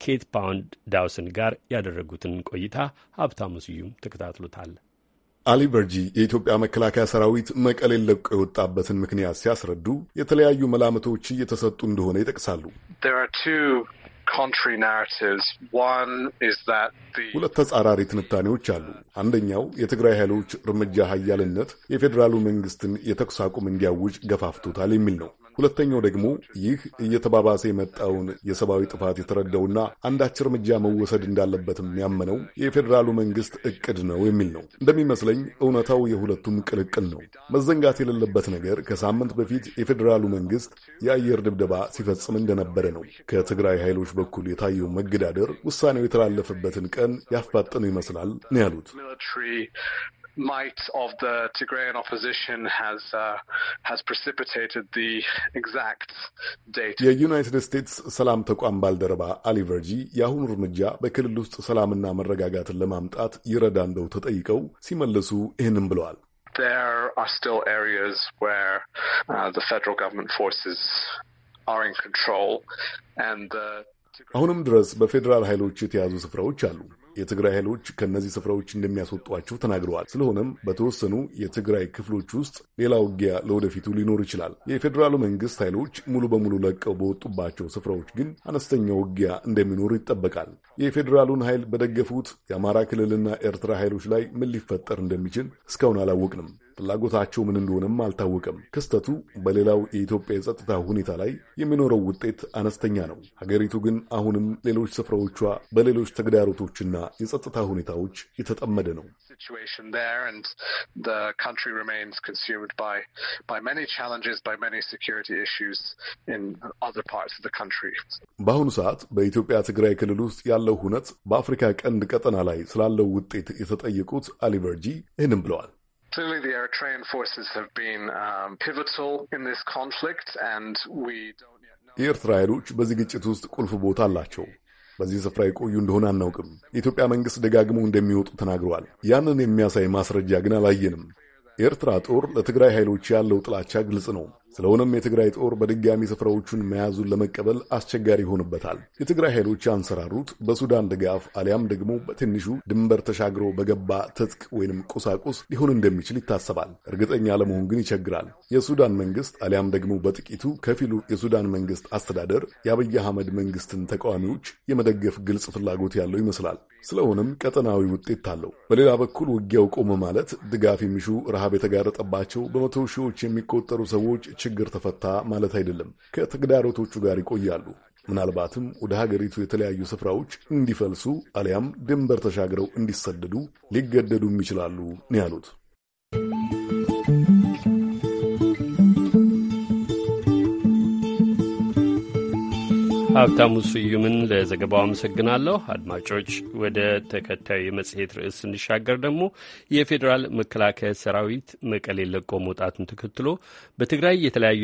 S1: ኬት ፓውንድ ዳውስን ጋር ያደረጉትን ቆይታ ሀብታሙ ስዩም ተከታትሎታል።
S7: አሊ በርጂ የኢትዮጵያ መከላከያ ሰራዊት መቀሌን ለቆ የወጣበትን ምክንያት ሲያስረዱ የተለያዩ መላምቶች እየተሰጡ እንደሆነ ይጠቅሳሉ። ሁለት ተጻራሪ ትንታኔዎች አሉ። አንደኛው የትግራይ ኃይሎች እርምጃ ሀያልነት የፌዴራሉ መንግስትን የተኩስ አቁም እንዲያውጅ ገፋፍቶታል የሚል ነው። ሁለተኛው ደግሞ ይህ እየተባባሰ የመጣውን የሰብአዊ ጥፋት የተረዳውና አንዳች እርምጃ መወሰድ እንዳለበትም ያመነው የፌዴራሉ መንግስት እቅድ ነው የሚል ነው። እንደሚመስለኝ እውነታው የሁለቱም ቅልቅል ነው። መዘንጋት የሌለበት ነገር ከሳምንት በፊት የፌዴራሉ መንግስት የአየር ድብደባ ሲፈጽም እንደነበረ ነው። ከትግራይ ኃይሎች በኩል የታየው መገዳደር ውሳኔው የተላለፈበትን ቀን ያፋጥነው ይመስላል ነው ያሉት።
S8: might of the Tigrayan opposition has uh, has precipitated the exact date.
S7: የዩናይትድ ስቴትስ ሰላም ተቋም ባልደረባ አሊ ቨርጂ የአሁኑ እርምጃ በክልል ውስጥ ሰላምና መረጋጋትን ለማምጣት ይረዳ እንደው ተጠይቀው ሲመለሱ ይህንም ብለዋል።
S8: There are still areas where uh, the federal government forces are in control and the
S7: አሁንም ድረስ በፌዴራል ኃይሎች የተያዙ ስፍራዎች አሉ። የትግራይ ኃይሎች ከእነዚህ ስፍራዎች እንደሚያስወጧቸው ተናግረዋል። ስለሆነም በተወሰኑ የትግራይ ክፍሎች ውስጥ ሌላ ውጊያ ለወደፊቱ ሊኖር ይችላል። የፌዴራሉ መንግስት ኃይሎች ሙሉ በሙሉ ለቀው በወጡባቸው ስፍራዎች ግን አነስተኛ ውጊያ እንደሚኖር ይጠበቃል። የፌዴራሉን ኃይል በደገፉት የአማራ ክልልና ኤርትራ ኃይሎች ላይ ምን ሊፈጠር እንደሚችል እስካሁን አላወቅንም። ፍላጎታቸው ምን እንደሆነም አልታወቀም። ክስተቱ በሌላው የኢትዮጵያ የጸጥታ ሁኔታ ላይ የሚኖረው ውጤት አነስተኛ ነው። ሀገሪቱ ግን አሁንም ሌሎች ስፍራዎቿ በሌሎች ተግዳሮቶችና የጸጥታ ሁኔታዎች የተጠመደ ነው።
S8: situation there, and the country remains consumed by by many challenges, by many security issues in other parts of the country.
S7: በአሁኑ ሰዓት በኢትዮጵያ ትግራይ ክልል ውስጥ ያለው ሁነት በአፍሪካ ቀንድ ቀጠና ላይ ስላለው ውጤት የተጠየቁት አሊበርጂ ይህንም ብለዋል።
S8: Clearly, the Eritrean forces have been um, pivotal in this conflict, and we don't yet know.
S7: የኤርትራ ኃይሎች በዚህ ግጭት ውስጥ ቁልፍ ቦታ አላቸው በዚህ ስፍራ የቆዩ እንደሆነ አናውቅም። የኢትዮጵያ መንግስት ደጋግመው እንደሚወጡ ተናግረዋል። ያንን የሚያሳይ ማስረጃ ግን አላየንም። የኤርትራ ጦር ለትግራይ ኃይሎች ያለው ጥላቻ ግልጽ ነው። ስለሆነም የትግራይ ጦር በድጋሚ ስፍራዎቹን መያዙን ለመቀበል አስቸጋሪ ይሆንበታል። የትግራይ ኃይሎች ያንሰራሩት በሱዳን ድጋፍ አሊያም ደግሞ በትንሹ ድንበር ተሻግሮ በገባ ትጥቅ ወይንም ቁሳቁስ ሊሆን እንደሚችል ይታሰባል። እርግጠኛ ለመሆን ግን ይቸግራል። የሱዳን መንግስት አሊያም ደግሞ በጥቂቱ ከፊሉ የሱዳን መንግስት አስተዳደር የአብይ አህመድ መንግስትን ተቃዋሚዎች የመደገፍ ግልጽ ፍላጎት ያለው ይመስላል። ስለሆነም ቀጠናዊ ውጤት አለው። በሌላ በኩል ውጊያው ቆመ ማለት ድጋፍ የሚሹ ረሃብ የተጋረጠባቸው በመቶ ሺዎች የሚቆጠሩ ሰዎች ችግር ተፈታ ማለት አይደለም። ከተግዳሮቶቹ ጋር ይቆያሉ። ምናልባትም ወደ ሀገሪቱ የተለያዩ ስፍራዎች እንዲፈልሱ አሊያም ድንበር ተሻግረው እንዲሰደዱ ሊገደዱም ይችላሉ ነው ያሉት።
S1: ሀብታሙ ስዩምን ለዘገባው አመሰግናለሁ። አድማጮች፣ ወደ ተከታዩ የመጽሔት ርዕስ ስንሻገር ደግሞ የፌዴራል መከላከያ ሰራዊት መቀሌ ለቆ መውጣቱን ተከትሎ በትግራይ የተለያዩ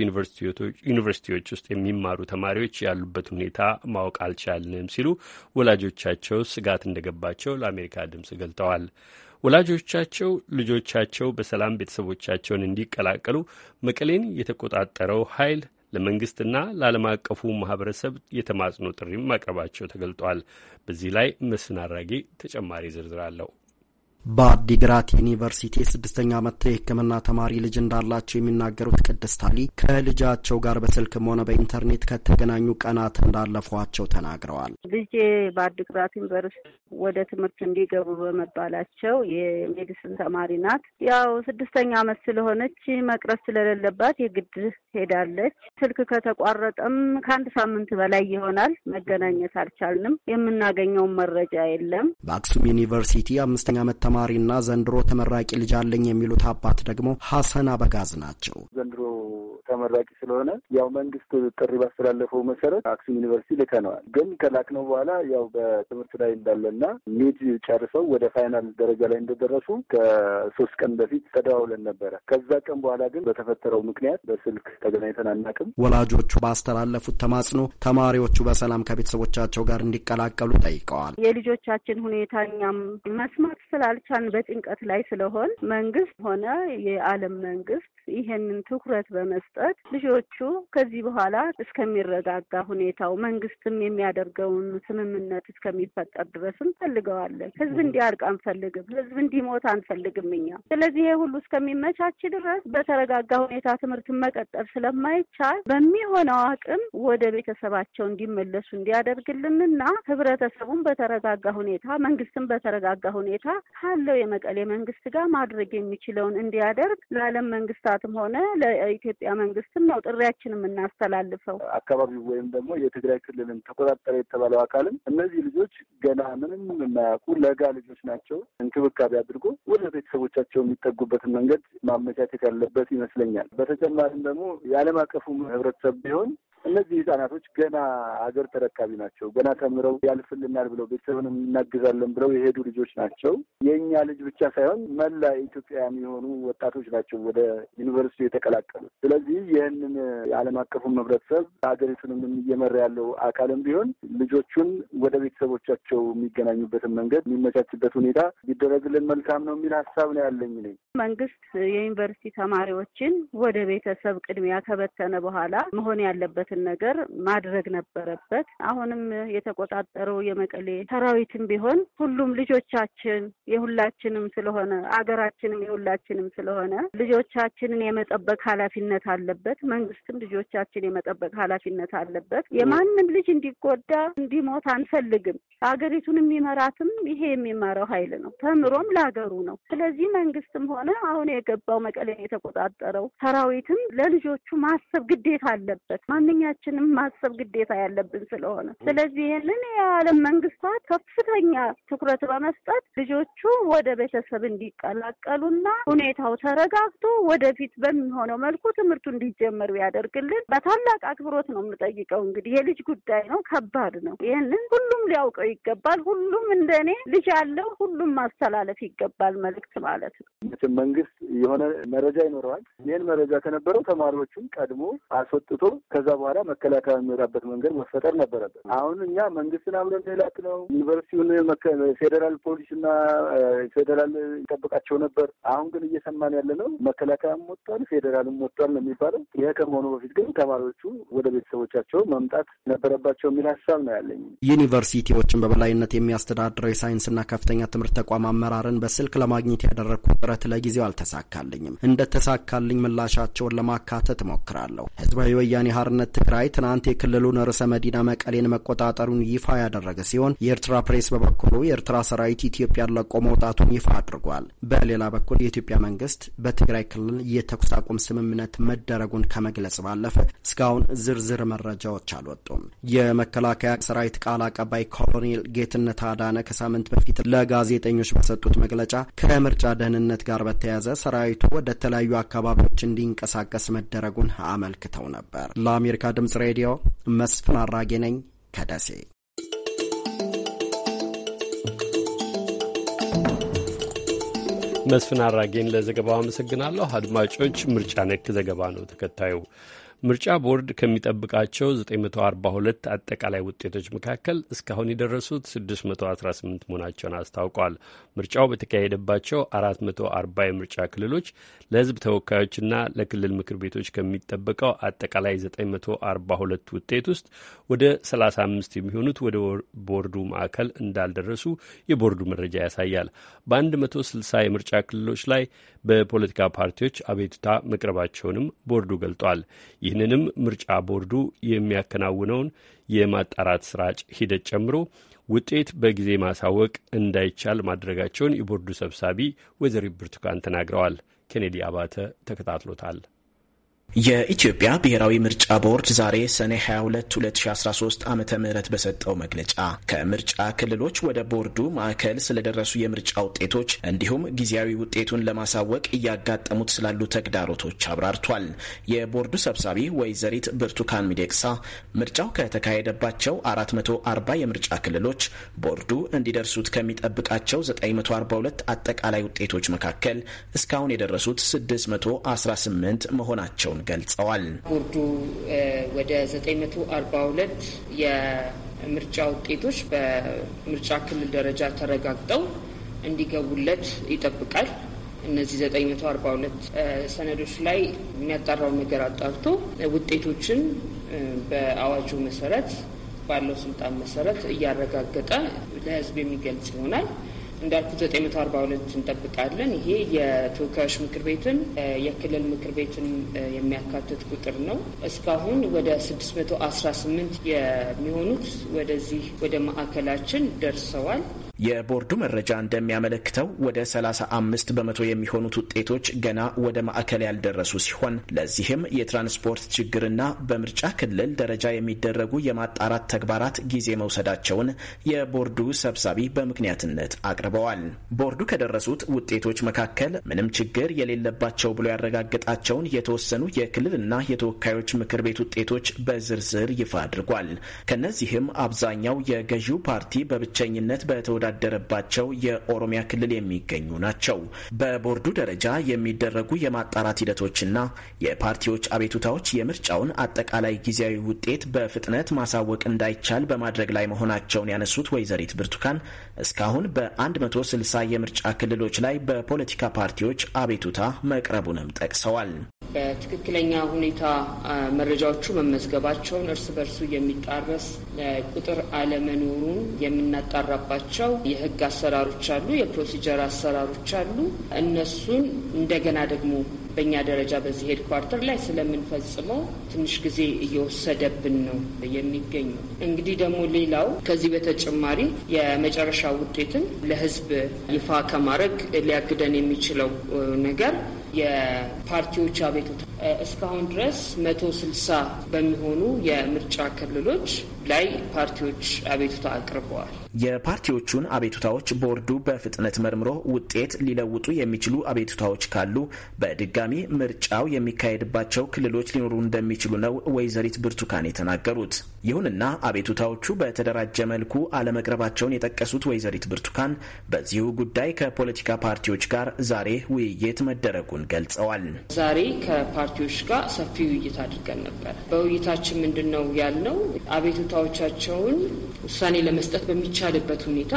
S1: ዩኒቨርሲቲዎች ውስጥ የሚማሩ ተማሪዎች ያሉበት ሁኔታ ማወቅ አልቻልንም ሲሉ ወላጆቻቸው ስጋት እንደገባቸው ለአሜሪካ ድምፅ ገልጠዋል። ወላጆቻቸው ልጆቻቸው በሰላም ቤተሰቦቻቸውን እንዲቀላቀሉ መቀሌን የተቆጣጠረው ኃይል ለመንግስትና ለዓለም አቀፉ ማህበረሰብ የተማጽኖ ጥሪም ማቅረባቸው ተገልጧል። በዚህ ላይ መስፍን አራጌ ተጨማሪ ዝርዝር አለው።
S9: በአዲግራት ዩኒቨርሲቲ የስድስተኛ ዓመት የሕክምና ተማሪ ልጅ እንዳላቸው የሚናገሩት ቅድስት አሊ ከልጃቸው ጋር በስልክም ሆነ በኢንተርኔት ከተገናኙ ቀናት እንዳለፏቸው ተናግረዋል።
S10: ልጄ በአዲግራት ዩኒቨርሲቲ ወደ ትምህርት እንዲገቡ በመባላቸው የሜዲስን ተማሪ ናት። ያው ስድስተኛ ዓመት ስለሆነች መቅረት ስለሌለባት የግድ ሄዳለች። ስልክ ከተቋረጠም ከአንድ ሳምንት በላይ ይሆናል። መገናኘት አልቻልንም። የምናገኘውን መረጃ የለም።
S6: በአክሱም
S9: ዩኒቨርሲቲ አምስተኛ ዓመት ተማሪና ዘንድሮ ተመራቂ ልጅ አለኝ የሚሉት አባት ደግሞ ሀሰን አበጋዝ ናቸው።
S3: ዘንድሮ ተመራቂ ስለሆነ ያው መንግስት ጥሪ ባስተላለፈው መሰረት አክሱም ዩኒቨርሲቲ ልከነዋል። ግን ከላክነው በኋላ ያው በትምህርት ላይ እንዳለና ሚድ ጨርሰው ወደ ፋይናል ደረጃ ላይ እንደደረሱ ከሶስት ቀን በፊት ተደዋውለን ነበረ። ከዛ ቀን በኋላ ግን በተፈጠረው ምክንያት በስልክ ተገናኝተን አናቅም።
S9: ወላጆቹ ባስተላለፉት ተማጽኖ ተማሪዎቹ በሰላም ከቤተሰቦቻቸው ጋር እንዲቀላቀሉ ጠይቀዋል።
S10: የልጆቻችን ሁኔታ እኛም መስማት ስላልቻን በጭንቀት ላይ ስለሆን መንግስት ሆነ የዓለም መንግስት ይሄንን ትኩረት በመስጠት በመስጠት ልጆቹ ከዚህ በኋላ እስከሚረጋጋ ሁኔታው መንግስትም የሚያደርገውን ስምምነት እስከሚፈጠር ድረስ እንፈልገዋለን። ህዝብ እንዲያርቅ አንፈልግም። ህዝብ እንዲሞት አንፈልግም እኛ። ስለዚህ ይሄ ሁሉ እስከሚመቻች ድረስ በተረጋጋ ሁኔታ ትምህርትን መቀጠል ስለማይቻል በሚሆነው አቅም ወደ ቤተሰባቸው እንዲመለሱ እንዲያደርግልንና ህብረተሰቡን በተረጋጋ ሁኔታ መንግስትን በተረጋጋ ሁኔታ ካለው የመቀሌ መንግስት ጋር ማድረግ የሚችለውን እንዲያደርግ ለዓለም መንግስታትም ሆነ ለኢትዮጵያ መንግስት መንግስትም ነው ጥሪያችን የምናስተላልፈው።
S3: አካባቢው ወይም ደግሞ የትግራይ ክልልን ተቆጣጠረ የተባለው አካልም እነዚህ ልጆች ገና ምንም የማያውቁ ለጋ ልጆች ናቸው፣ እንክብካቤ አድርጎ ወደ ቤተሰቦቻቸው የሚጠጉበትን መንገድ ማመቻቸት ያለበት ይመስለኛል። በተጨማሪም ደግሞ የዓለም አቀፉም ህብረተሰብ ቢሆን እነዚህ ህጻናቶች ገና ሀገር ተረካቢ ናቸው። ገና ተምረው ያልፍልናል ብለው ቤተሰብን እናግዛለን ብለው የሄዱ ልጆች ናቸው። የእኛ ልጅ ብቻ ሳይሆን መላ ኢትዮጵያውያን የሆኑ ወጣቶች ናቸው ወደ ዩኒቨርሲቲ የተቀላቀሉ። ስለዚህ ይህንን የዓለም አቀፉን ህብረተሰብ ሀገሪቱንም እየመራ ያለው አካልም ቢሆን ልጆቹን ወደ ቤተሰቦቻቸው የሚገናኙበትን መንገድ የሚመቻችበት ሁኔታ ቢደረግልን መልካም ነው የሚል ሀሳብ ነው ያለኝ። ነኝ
S10: መንግስት የዩኒቨርሲቲ ተማሪዎችን ወደ ቤተሰብ ቅድሚያ ከበተነ በኋላ መሆን ያለበት የሚችሉትን ነገር ማድረግ ነበረበት። አሁንም የተቆጣጠረው የመቀሌ ሰራዊትም ቢሆን ሁሉም ልጆቻችን የሁላችንም ስለሆነ አገራችንም የሁላችንም ስለሆነ ልጆቻችንን የመጠበቅ ኃላፊነት አለበት። መንግስትም ልጆቻችን የመጠበቅ ኃላፊነት አለበት። የማንም ልጅ እንዲጎዳ እንዲሞት አንፈልግም። ሀገሪቱን የሚመራትም ይሄ የሚመራው ኃይል ነው። ተምሮም ለሀገሩ ነው። ስለዚህ መንግስትም ሆነ አሁን የገባው መቀሌ የተቆጣጠረው ሰራዊትም ለልጆቹ ማሰብ ግዴታ አለበት። ማንኛ ሁለተኛችንም ማሰብ ግዴታ ያለብን ስለሆነ ስለዚህ ይህንን የዓለም መንግስታት ከፍተኛ ትኩረት በመስጠት ልጆቹ ወደ ቤተሰብ እንዲቀላቀሉና ሁኔታው ተረጋግቶ ወደፊት በሚሆነው መልኩ ትምህርቱ እንዲጀመር ያደርግልን በታላቅ አክብሮት ነው የምጠይቀው። እንግዲህ የልጅ ጉዳይ ነው፣ ከባድ ነው። ይህንን ሁሉም ሊያውቀው ይገባል። ሁሉም እንደ እኔ ልጅ አለው። ሁሉም ማስተላለፍ ይገባል መልእክት ማለት ነው።
S3: መንግስት የሆነ መረጃ ይኖረዋል። ይህን መረጃ ከነበረው ተማሪዎቹን ቀድሞ አስወጥቶ ከዛ በኋላ በኋላ መከላከያ የሚወጣበት መንገድ መፈጠር ነበረበት። አሁን እኛ መንግስትን አምረን ላክ ነው። ዩኒቨርሲቲውን ፌዴራል ፖሊስና ፌዴራል ይጠብቃቸው ነበር። አሁን ግን እየሰማን ያለ ነው መከላከያም ወጥቷል፣ ፌዴራልም ወጥቷል ነው የሚባለው። ይህ ከመሆኑ በፊት ግን ተማሪዎቹ ወደ ቤተሰቦቻቸው መምጣት ነበረባቸው የሚል ሀሳብ ነው ያለኝ።
S9: ዩኒቨርሲቲዎችን በበላይነት የሚያስተዳድረው የሳይንስና ከፍተኛ ትምህርት ተቋም አመራርን በስልክ ለማግኘት ያደረግኩት ጥረት ለጊዜው አልተሳካልኝም። እንደተሳካልኝ ምላሻቸውን ለማካተት እሞክራለሁ። ህዝባዊ ወያኔ ሀርነት ትግራይ ትናንት የክልሉን ርዕሰ መዲና መቀሌን መቆጣጠሩን ይፋ ያደረገ ሲሆን የኤርትራ ፕሬስ በበኩሉ የኤርትራ ሰራዊት ኢትዮጵያን ለቆ መውጣቱን ይፋ አድርጓል። በሌላ በኩል የኢትዮጵያ መንግስት በትግራይ ክልል የተኩስ አቁም ስምምነት መደረጉን ከመግለጽ ባለፈ እስካሁን ዝርዝር መረጃዎች አልወጡም። የመከላከያ ሰራዊት ቃል አቀባይ ኮሎኔል ጌትነት አዳነ ከሳምንት በፊት ለጋዜጠኞች በሰጡት መግለጫ ከምርጫ ደህንነት ጋር በተያያዘ ሰራዊቱ ወደ ተለያዩ አካባቢዎች እንዲንቀሳቀስ መደረጉን አመልክተው ነበር። ለአሜሪካ ለአሜሪካ ድምፅ ሬዲዮ መስፍን አራጌ ነኝ ከደሴ።
S1: መስፍን አራጌን ለዘገባው አመሰግናለሁ። አድማጮች፣ ምርጫ ነክ ዘገባ ነው ተከታዩ። ምርጫ ቦርድ ከሚጠብቃቸው 942 አጠቃላይ ውጤቶች መካከል እስካሁን የደረሱት 618 መሆናቸውን አስታውቋል። ምርጫው በተካሄደባቸው 440 የምርጫ ክልሎች ለሕዝብ ተወካዮችና ለክልል ምክር ቤቶች ከሚጠበቀው አጠቃላይ 942 ውጤት ውስጥ ወደ 35 የሚሆኑት ወደ ቦርዱ ማዕከል እንዳልደረሱ የቦርዱ መረጃ ያሳያል። በ160 የምርጫ ክልሎች ላይ በፖለቲካ ፓርቲዎች አቤቱታ መቅረባቸውንም ቦርዱ ገልጧል። ይህንንም ምርጫ ቦርዱ የሚያከናውነውን የማጣራት ስራጭ ሂደት ጨምሮ ውጤት በጊዜ ማሳወቅ እንዳይቻል ማድረጋቸውን የቦርዱ ሰብሳቢ ወይዘሪት ብርቱካን ተናግረዋል። ኬኔዲ አባተ ተከታትሎታል።
S11: የኢትዮጵያ ብሔራዊ ምርጫ ቦርድ ዛሬ ሰኔ 22 2013 ዓ ም በሰጠው መግለጫ ከምርጫ ክልሎች ወደ ቦርዱ ማዕከል ስለደረሱ የምርጫ ውጤቶች እንዲሁም ጊዜያዊ ውጤቱን ለማሳወቅ እያጋጠሙት ስላሉ ተግዳሮቶች አብራርቷል። የቦርዱ ሰብሳቢ ወይዘሪት ብርቱካን ሚደቅሳ ምርጫው ከተካሄደባቸው 440 የምርጫ ክልሎች ቦርዱ እንዲደርሱት ከሚጠብቃቸው 942 አጠቃላይ ውጤቶች መካከል እስካሁን የደረሱት 618 መሆናቸውን ገልጸዋል።
S12: ቦርዱ ወደ 942 የምርጫ ውጤቶች በምርጫ ክልል ደረጃ ተረጋግጠው እንዲገቡለት ይጠብቃል። እነዚህ 942 ሰነዶች ላይ የሚያጣራው ነገር አጣርቶ ውጤቶችን በአዋጁ መሰረት ባለው ስልጣን መሰረት እያረጋገጠ ለህዝብ የሚገልጽ ይሆናል። እንዳልኩት 942 እንጠብቃለን። ይሄ የተወካዮች ምክር ቤትን የክልል ምክር ቤትን የሚያካትት ቁጥር ነው። እስካሁን ወደ 618 የሚሆኑት ወደዚህ ወደ ማዕከላችን ደርሰዋል።
S11: የቦርዱ መረጃ እንደሚያመለክተው ወደ 35 በመቶ የሚሆኑት ውጤቶች ገና ወደ ማዕከል ያልደረሱ ሲሆን ለዚህም የትራንስፖርት ችግርና በምርጫ ክልል ደረጃ የሚደረጉ የማጣራት ተግባራት ጊዜ መውሰዳቸውን የቦርዱ ሰብሳቢ በምክንያትነት አቅርበዋል። ቦርዱ ከደረሱት ውጤቶች መካከል ምንም ችግር የሌለባቸው ብሎ ያረጋገጣቸውን የተወሰኑ የክልልና የተወካዮች ምክር ቤት ውጤቶች በዝርዝር ይፋ አድርጓል። ከነዚህም አብዛኛው የገዢው ፓርቲ በብቸኝነት በተወዳ የተወዳደረባቸው የኦሮሚያ ክልል የሚገኙ ናቸው። በቦርዱ ደረጃ የሚደረጉ የማጣራት ሂደቶችና የፓርቲዎች አቤቱታዎች የምርጫውን አጠቃላይ ጊዜያዊ ውጤት በፍጥነት ማሳወቅ እንዳይቻል በማድረግ ላይ መሆናቸውን ያነሱት ወይዘሪት ብርቱካን እስካሁን በ160 የምርጫ ክልሎች ላይ በፖለቲካ ፓርቲዎች አቤቱታ መቅረቡንም ጠቅሰዋል።
S12: በትክክለኛ ሁኔታ መረጃዎቹ መመዝገባቸውን፣ እርስ በርሱ የሚጣረስ ቁጥር አለመኖሩን የምናጣራባቸው የህግ አሰራሮች አሉ፣ የፕሮሲጀር አሰራሮች አሉ። እነሱን እንደገና ደግሞ በእኛ ደረጃ በዚህ ሄድ ኳርተር ላይ ስለምንፈጽመው ትንሽ ጊዜ እየወሰደብን ነው የሚገኘው። እንግዲህ ደግሞ ሌላው ከዚህ በተጨማሪ የመጨረሻ ውጤትን ለህዝብ ይፋ ከማድረግ ሊያግደን የሚችለው ነገር የፓርቲዎች አቤቱታ እስካሁን ድረስ መቶ ስልሳ በሚሆኑ የምርጫ ክልሎች ላይ ፓርቲዎች አቤቱታ አቅርበዋል።
S11: የፓርቲዎቹን አቤቱታዎች ቦርዱ በፍጥነት መርምሮ ውጤት ሊለውጡ የሚችሉ አቤቱታዎች ካሉ በድጋሚ ምርጫው የሚካሄድባቸው ክልሎች ሊኖሩ እንደሚችሉ ነው ወይዘሪት ብርቱካን የተናገሩት። ይሁንና አቤቱታዎቹ በተደራጀ መልኩ አለመቅረባቸውን የጠቀሱት ወይዘሪት ብርቱካን በዚሁ ጉዳይ ከፖለቲካ ፓርቲዎች ጋር ዛሬ ውይይት መደረጉን ገልጸዋል።
S12: ዛሬ ከፓርቲዎች ጋር ሰፊ ውይይት አድርገን ነበር። በውይይታችን ምንድን ነው ያልነው? አቤቱታዎቻቸውን ውሳኔ ለመስጠት በሚቻልበት ሁኔታ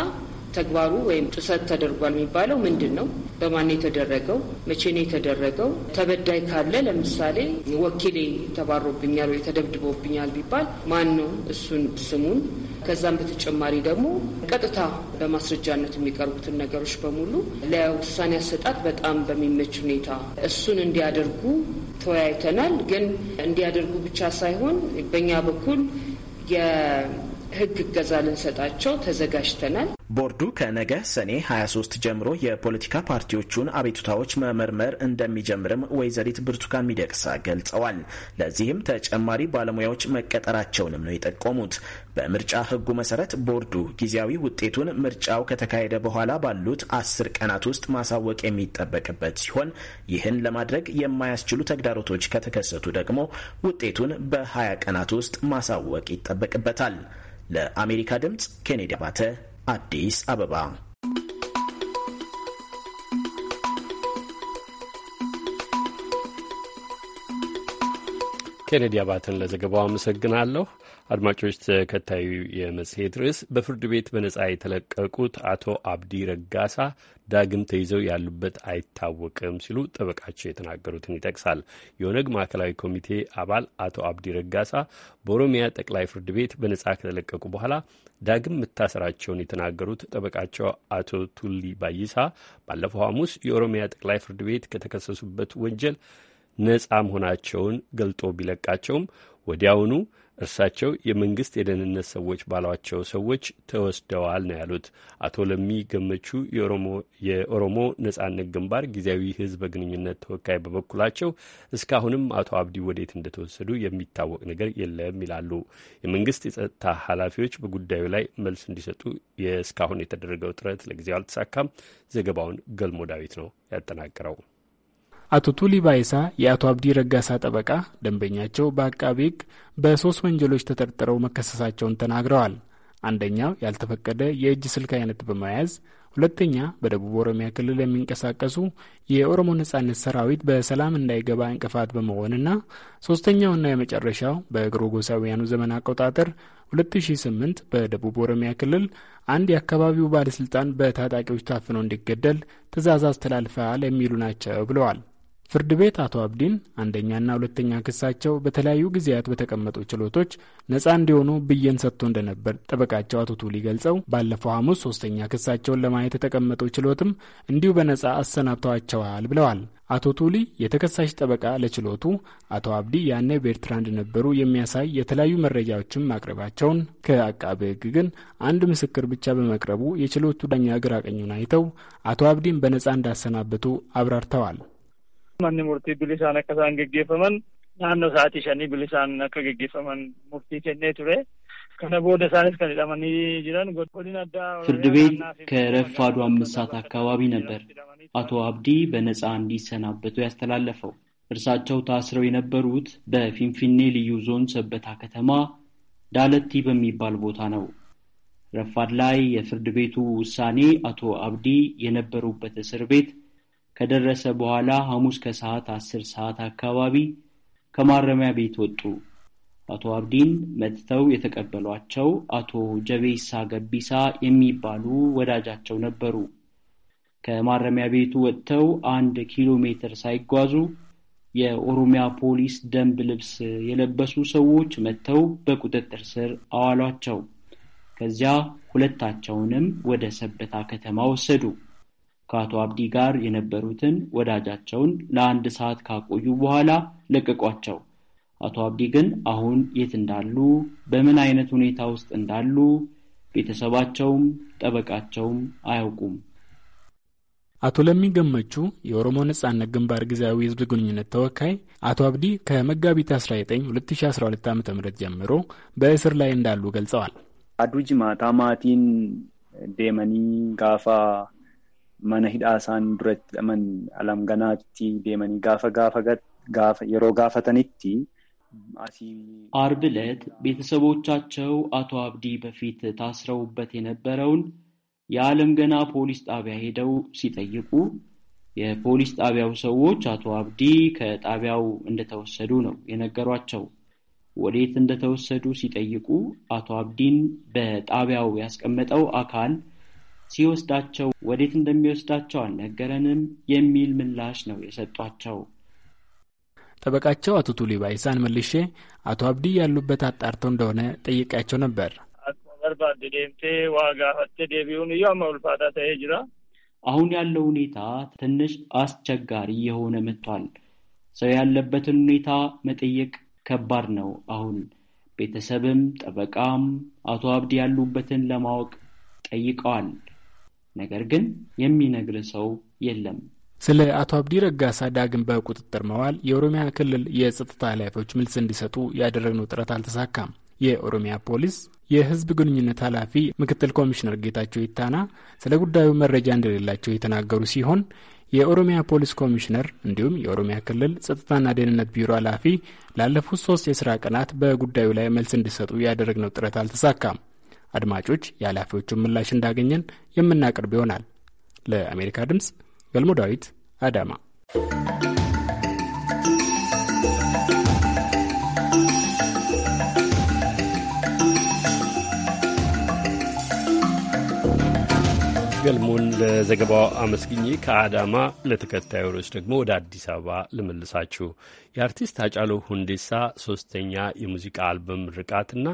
S12: ተግባሩ ወይም ጥሰት ተደርጓል የሚባለው ምንድን ነው? በማን የተደረገው? መቼ ነው የተደረገው? ተበዳይ ካለ ለምሳሌ ወኪሌ ተባሮብኛል ወይ ተደብድቦብኛል ቢባል ማን ነው እሱን ስሙን ከዛም በተጨማሪ ደግሞ ቀጥታ በማስረጃነት የሚቀርቡትን ነገሮች በሙሉ ለውሳኔ አሰጣጥ በጣም በሚመች ሁኔታ እሱን እንዲያደርጉ ተወያይተናል። ግን እንዲያደርጉ ብቻ ሳይሆን በእኛ በኩል ህግ እገዛ ልንሰጣቸው ተዘጋጅተናል።
S11: ቦርዱ ከነገ ሰኔ 23 ጀምሮ የፖለቲካ ፓርቲዎቹን አቤቱታዎች መመርመር እንደሚጀምርም ወይዘሪት ብርቱካን ሚደቅሳ ገልጸዋል። ለዚህም ተጨማሪ ባለሙያዎች መቀጠራቸውንም ነው የጠቆሙት። በምርጫ ህጉ መሰረት ቦርዱ ጊዜያዊ ውጤቱን ምርጫው ከተካሄደ በኋላ ባሉት አስር ቀናት ውስጥ ማሳወቅ የሚጠበቅበት ሲሆን ይህን ለማድረግ የማያስችሉ ተግዳሮቶች ከተከሰቱ ደግሞ ውጤቱን በ20 ቀናት ውስጥ ማሳወቅ ይጠበቅበታል። ለአሜሪካ ድምፅ ኬኔዲ አባተ አዲስ አበባ
S1: ኬኔዲ አባትን ለዘገባው አመሰግናለሁ። አድማጮች፣ ተከታዩ የመጽሔት ርዕስ በፍርድ ቤት በነጻ የተለቀቁት አቶ አብዲ ረጋሳ ዳግም ተይዘው ያሉበት አይታወቅም ሲሉ ጠበቃቸው የተናገሩትን ይጠቅሳል። የኦነግ ማዕከላዊ ኮሚቴ አባል አቶ አብዲ ረጋሳ በኦሮሚያ ጠቅላይ ፍርድ ቤት በነጻ ከተለቀቁ በኋላ ዳግም መታሰራቸውን የተናገሩት ጠበቃቸው አቶ ቱሊ ባይሳ ባለፈው ሐሙስ የኦሮሚያ ጠቅላይ ፍርድ ቤት ከተከሰሱበት ወንጀል ነጻ መሆናቸውን ገልጦ ቢለቃቸውም ወዲያውኑ እርሳቸው የመንግስት የደህንነት ሰዎች ባሏቸው ሰዎች ተወስደዋል ነው ያሉት። አቶ ለሚ ገመቹ የኦሮሞ ነጻነት ግንባር ጊዜያዊ ህዝብ ግንኙነት ተወካይ በበኩላቸው እስካሁንም አቶ አብዲ ወዴት እንደተወሰዱ የሚታወቅ ነገር የለም ይላሉ። የመንግስት የጸጥታ ኃላፊዎች በጉዳዩ ላይ መልስ እንዲሰጡ የእስካሁን የተደረገው ጥረት ለጊዜው አልተሳካም። ዘገባውን ገልሞ ዳዊት ነው ያጠናቀረው።
S13: አቶ ቱሊ ባይሳ የአቶ አብዲ ረጋሳ ጠበቃ ደንበኛቸው በአቃቤ ሕግ በሶስት ወንጀሎች ተጠርጥረው መከሰሳቸውን ተናግረዋል። አንደኛው ያልተፈቀደ የእጅ ስልክ አይነት በመያዝ ሁለተኛ በደቡብ ኦሮሚያ ክልል የሚንቀሳቀሱ የኦሮሞ ነጻነት ሰራዊት በሰላም እንዳይገባ እንቅፋት በመሆንና ሶስተኛውና የመጨረሻው በእግሮ ጎሳውያኑ ዘመን አቆጣጠር 2008 በደቡብ ኦሮሚያ ክልል አንድ የአካባቢው ባለስልጣን በታጣቂዎች ታፍኖ እንዲገደል ትእዛዝ አስተላልፈዋል የሚሉ ናቸው ብለዋል። ፍርድ ቤት አቶ አብዲን አንደኛና ሁለተኛ ክሳቸው በተለያዩ ጊዜያት በተቀመጡ ችሎቶች ነጻ እንዲሆኑ ብይን ሰጥቶ እንደነበር ጠበቃቸው አቶ ቱሊ ገልጸው ባለፈው ሐሙስ ሶስተኛ ክሳቸውን ለማየት የተቀመጠው ችሎትም እንዲሁ በነጻ አሰናብተዋቸዋል ብለዋል። አቶ ቱሊ የተከሳሽ ጠበቃ ለችሎቱ አቶ አብዲ ያኔ በኤርትራ እንደነበሩ የሚያሳይ የተለያዩ መረጃዎችን ማቅረባቸውን፣ ከአቃቤ ሕግ ግን አንድ ምስክር ብቻ በመቅረቡ የችሎቱ ዳኛ ግራ ቀኙን አይተው አቶ አብዲን በነጻ እንዳሰናበቱ አብራርተዋል።
S3: manni murtii bilisaan akka isaan gaggeeffaman naannoo sa'aatii shanii bilisaan akka gaggeeffaman murtii kennee ture kana booda isaanis kan hidhamanii jiran godina
S14: addaa ፍርድ ቤት ከረፋዱ አምስት ሰዓት አካባቢ ነበር አቶ አብዲ በነፃ እንዲሰናበቱ ያስተላለፈው። እርሳቸው ታስረው የነበሩት በፊንፊኔ ልዩ ዞን ሰበታ ከተማ ዳለቲ በሚባል ቦታ ነው። ረፋድ ላይ የፍርድ ቤቱ ውሳኔ አቶ አብዲ የነበሩበት እስር ቤት ከደረሰ በኋላ ሐሙስ ከሰዓት አስር ሰዓት አካባቢ ከማረሚያ ቤት ወጡ። አቶ አብዲን መጥተው የተቀበሏቸው አቶ ጀቤሳ ገቢሳ የሚባሉ ወዳጃቸው ነበሩ። ከማረሚያ ቤቱ ወጥተው አንድ ኪሎ ሜትር ሳይጓዙ የኦሮሚያ ፖሊስ ደንብ ልብስ የለበሱ ሰዎች መጥተው በቁጥጥር ስር አዋሏቸው። ከዚያ ሁለታቸውንም ወደ ሰበታ ከተማ ወሰዱ። ከአቶ አብዲ ጋር የነበሩትን ወዳጃቸውን ለአንድ ሰዓት ካቆዩ በኋላ ለቀቋቸው። አቶ አብዲ ግን አሁን የት እንዳሉ፣ በምን አይነት ሁኔታ ውስጥ እንዳሉ ቤተሰባቸውም ጠበቃቸውም አያውቁም።
S13: አቶ ለሚገመቹ የኦሮሞ ነጻነት ግንባር ጊዜያዊ ህዝብ ግንኙነት ተወካይ አቶ አብዲ ከመጋቢት 19 2012 ዓ ም ጀምሮ በእስር ላይ እንዳሉ ገልጸዋል።
S14: አዱ ጅማታ ማቲን ደመኒ ጋፋ mana hidhaa isaan duratti hidhaman ganaatti deemanii gaafa
S3: gaafa yeroo gaafatanitti
S14: አርብ ዕለት ቤተሰቦቻቸው አቶ አብዲ በፊት ታስረውበት የነበረውን የዓለም ገና ፖሊስ ጣቢያ ሄደው ሲጠይቁ የፖሊስ ጣቢያው ሰዎች አቶ አብዲ ከጣቢያው እንደተወሰዱ ነው የነገሯቸው። ወዴት እንደተወሰዱ ሲጠይቁ አቶ አብዲን በጣቢያው ያስቀመጠው አካል ሲወስዳቸው ወዴት እንደሚወስዳቸው አልነገረንም የሚል ምላሽ ነው የሰጧቸው።
S13: ጠበቃቸው አቶ ቱሊ ባይሳን መልሼ አቶ አብዲ ያሉበት አጣርተው እንደሆነ ጠይቄያቸው ነበር።
S14: አሁን ያለው ሁኔታ ትንሽ አስቸጋሪ የሆነ መጥቷል። ሰው ያለበትን ሁኔታ መጠየቅ ከባድ ነው። አሁን ቤተሰብም ጠበቃም አቶ አብዲ ያሉበትን ለማወቅ ጠይቀዋል። ነገር ግን
S13: የሚነግር ሰው የለም። ስለ አቶ አብዲ ረጋሳ ዳግም በቁጥጥር መዋል የኦሮሚያ ክልል የጸጥታ ኃላፊዎች መልስ እንዲሰጡ ያደረግነው ጥረት አልተሳካም። የኦሮሚያ ፖሊስ የሕዝብ ግንኙነት ኃላፊ ምክትል ኮሚሽነር ጌታቸው ይታና ስለ ጉዳዩ መረጃ እንደሌላቸው የተናገሩ ሲሆን የኦሮሚያ ፖሊስ ኮሚሽነር እንዲሁም የኦሮሚያ ክልል ጸጥታና ደህንነት ቢሮ ኃላፊ ላለፉት ሶስት የስራ ቀናት በጉዳዩ ላይ መልስ እንዲሰጡ ያደረግነው ጥረት አልተሳካም። አድማጮች የኃላፊዎቹን ምላሽ እንዳገኘን የምናቀርብ ይሆናል። ለአሜሪካ ድምፅ ገልሞ ዳዊት አዳማ
S1: ገልሞን ለዘገባው አመስግኜ ከአዳማ ለተከታዩ ርዕስ ደግሞ ወደ አዲስ አበባ ልመልሳችሁ። የአርቲስት አጫሎ ሁንዴሳ ሶስተኛ የሙዚቃ አልበም ርቃትና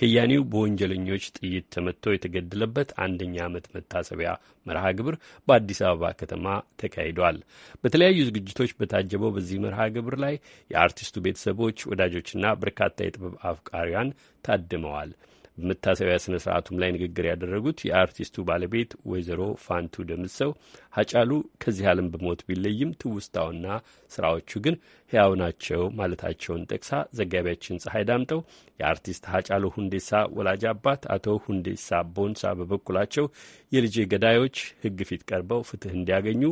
S1: ከያኔው በወንጀለኞች ጥይት ተመትቶ የተገደለበት አንደኛ ዓመት መታሰቢያ መርሃ ግብር በአዲስ አበባ ከተማ ተካሂዷል። በተለያዩ ዝግጅቶች በታጀበው በዚህ መርሃ ግብር ላይ የአርቲስቱ ቤተሰቦች፣ ወዳጆችና በርካታ የጥበብ አፍቃሪያን ታድመዋል። በመታሰቢያ ስነ ስርዓቱም ላይ ንግግር ያደረጉት የአርቲስቱ ባለቤት ወይዘሮ ፋንቱ ደምሰው ሀጫሉ ከዚህ ዓለም በሞት ቢለይም ትውስታውና ስራዎቹ ግን ሕያው ናቸው ማለታቸውን ጠቅሳ ዘጋቢያችን ፀሐይ ዳምጠው የአርቲስት ሀጫሉ ሁንዴሳ ወላጅ አባት አቶ ሁንዴሳ ቦንሳ በበኩላቸው የልጄ ገዳዮች ሕግ ፊት ቀርበው ፍትህ እንዲያገኙ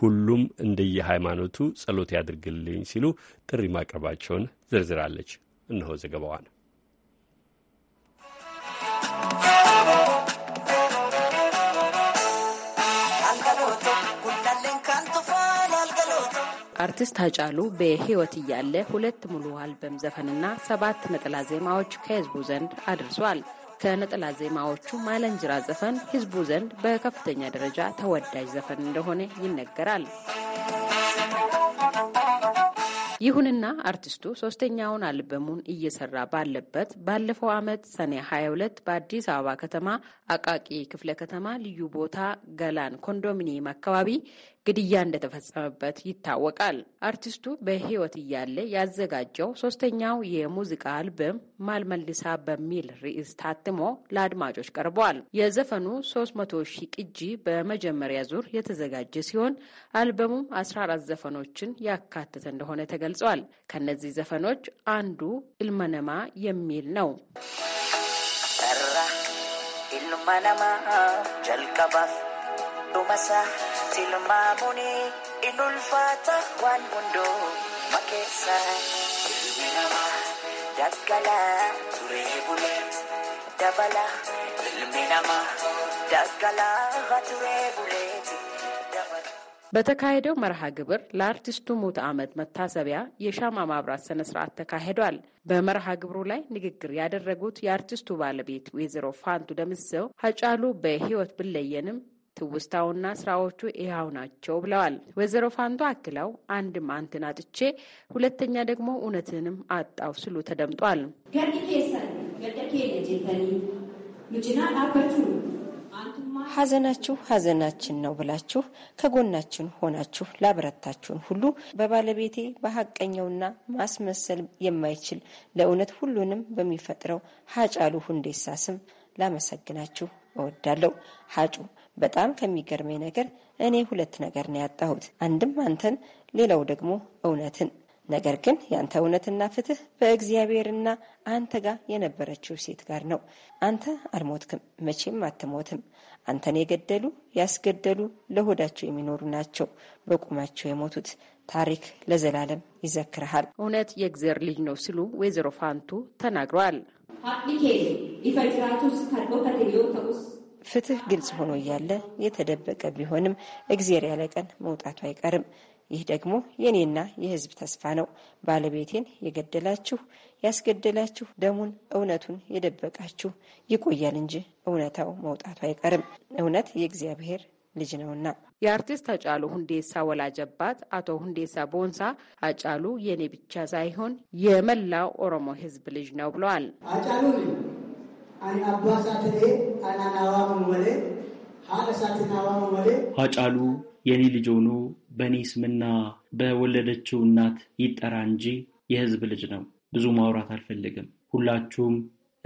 S1: ሁሉም እንደየሃይማኖቱ ጸሎት ያድርግልኝ ሲሉ ጥሪ ማቅረባቸውን ዝርዝራለች እነሆ ዘገባዋን።
S15: አርቲስት አጫሉ በህይወት እያለ ሁለት ሙሉ አልበም ዘፈንና ሰባት ነጠላ ዜማዎች ከህዝቡ ዘንድ አድርሷል። ከነጠላ ዜማዎቹ ማለንጅራ ዘፈን ህዝቡ ዘንድ በከፍተኛ ደረጃ ተወዳጅ ዘፈን እንደሆነ ይነገራል። ይሁንና አርቲስቱ ሶስተኛውን አልበሙን እየሰራ ባለበት ባለፈው ዓመት ሰኔ 22 በአዲስ አበባ ከተማ አቃቂ ክፍለ ከተማ ልዩ ቦታ ገላን ኮንዶሚኒየም አካባቢ ግድያ እንደተፈጸመበት ይታወቃል። አርቲስቱ በሕይወት እያለ ያዘጋጀው ሶስተኛው የሙዚቃ አልበም ማልመልሳ በሚል ርዕስ ታትሞ ለአድማጮች ቀርቧል። የዘፈኑ 300 ሺህ ቅጂ በመጀመሪያ ዙር የተዘጋጀ ሲሆን አልበሙም 14 ዘፈኖችን ያካተተ እንደሆነ ተገልጿል። ከነዚህ ዘፈኖች አንዱ ኢልመነማ የሚል ነው። ኢልመነማ ጀልቀባፍ ዱመሳ በተካሄደው መርሃ ግብር ለአርቲስቱ ሙት አመት መታሰቢያ የሻማ ማብራት ስነ ስርዓት ተካሂዷል። በመርሃ ግብሩ ላይ ንግግር ያደረጉት የአርቲስቱ ባለቤት ወይዘሮ ፋንቱ ደምሰው ሀጫሉ በህይወት ብለየንም ትውስታውና ስራዎቹ ይኸው ናቸው ብለዋል። ወይዘሮ ፋንቶ አክለው አንድም አንተን አጥቼ፣ ሁለተኛ ደግሞ እውነትንም አጣው ስሉ ተደምጧል። ሐዘናችሁ ሐዘናችን ነው ብላችሁ ከጎናችን ሆናችሁ ላበረታችሁን ሁሉ በባለቤቴ በሀቀኛውና ማስመሰል የማይችል ለእውነት ሁሉንም በሚፈጥረው ሀጫሉ ሁንዴሳ ስም ላመሰግናችሁ እወዳለሁ። ሀጩ በጣም ከሚገርመኝ ነገር እኔ ሁለት ነገር ነው ያጣሁት። አንድም አንተን፣ ሌላው ደግሞ እውነትን። ነገር ግን ያንተ እውነትና ፍትህ በእግዚአብሔርና አንተ ጋር የነበረችው ሴት ጋር ነው። አንተ አልሞትክም፣ መቼም አትሞትም። አንተን የገደሉ ያስገደሉ ለሆዳቸው የሚኖሩ ናቸው በቁማቸው የሞቱት። ታሪክ ለዘላለም ይዘክርሃል። እውነት የእግዜር ልጅ ነው ሲሉ ወይዘሮ ፋንቱ ተናግረዋል። ፍትህ ግልጽ ሆኖ እያለ የተደበቀ ቢሆንም እግዜር ያለ ቀን መውጣቱ አይቀርም። ይህ ደግሞ የእኔና የህዝብ ተስፋ ነው። ባለቤቴን የገደላችሁ ያስገደላችሁ፣ ደሙን እውነቱን የደበቃችሁ ይቆያል እንጂ እውነታው መውጣቱ አይቀርም። እውነት የእግዚአብሔር ልጅ ነውና። የአርቲስት አጫሉ ሁንዴሳ ወላጅ አባት አቶ ሁንዴሳ ቦንሳ አጫሉ የኔ ብቻ ሳይሆን የመላው ኦሮሞ ህዝብ ልጅ ነው ብለዋል። አጫሉ
S14: ሀጫሉ የኔ ልጅ ሆኖ በእኔ ስምና በወለደችው እናት ይጠራ እንጂ የህዝብ ልጅ ነው። ብዙ ማውራት አልፈልግም። ሁላችሁም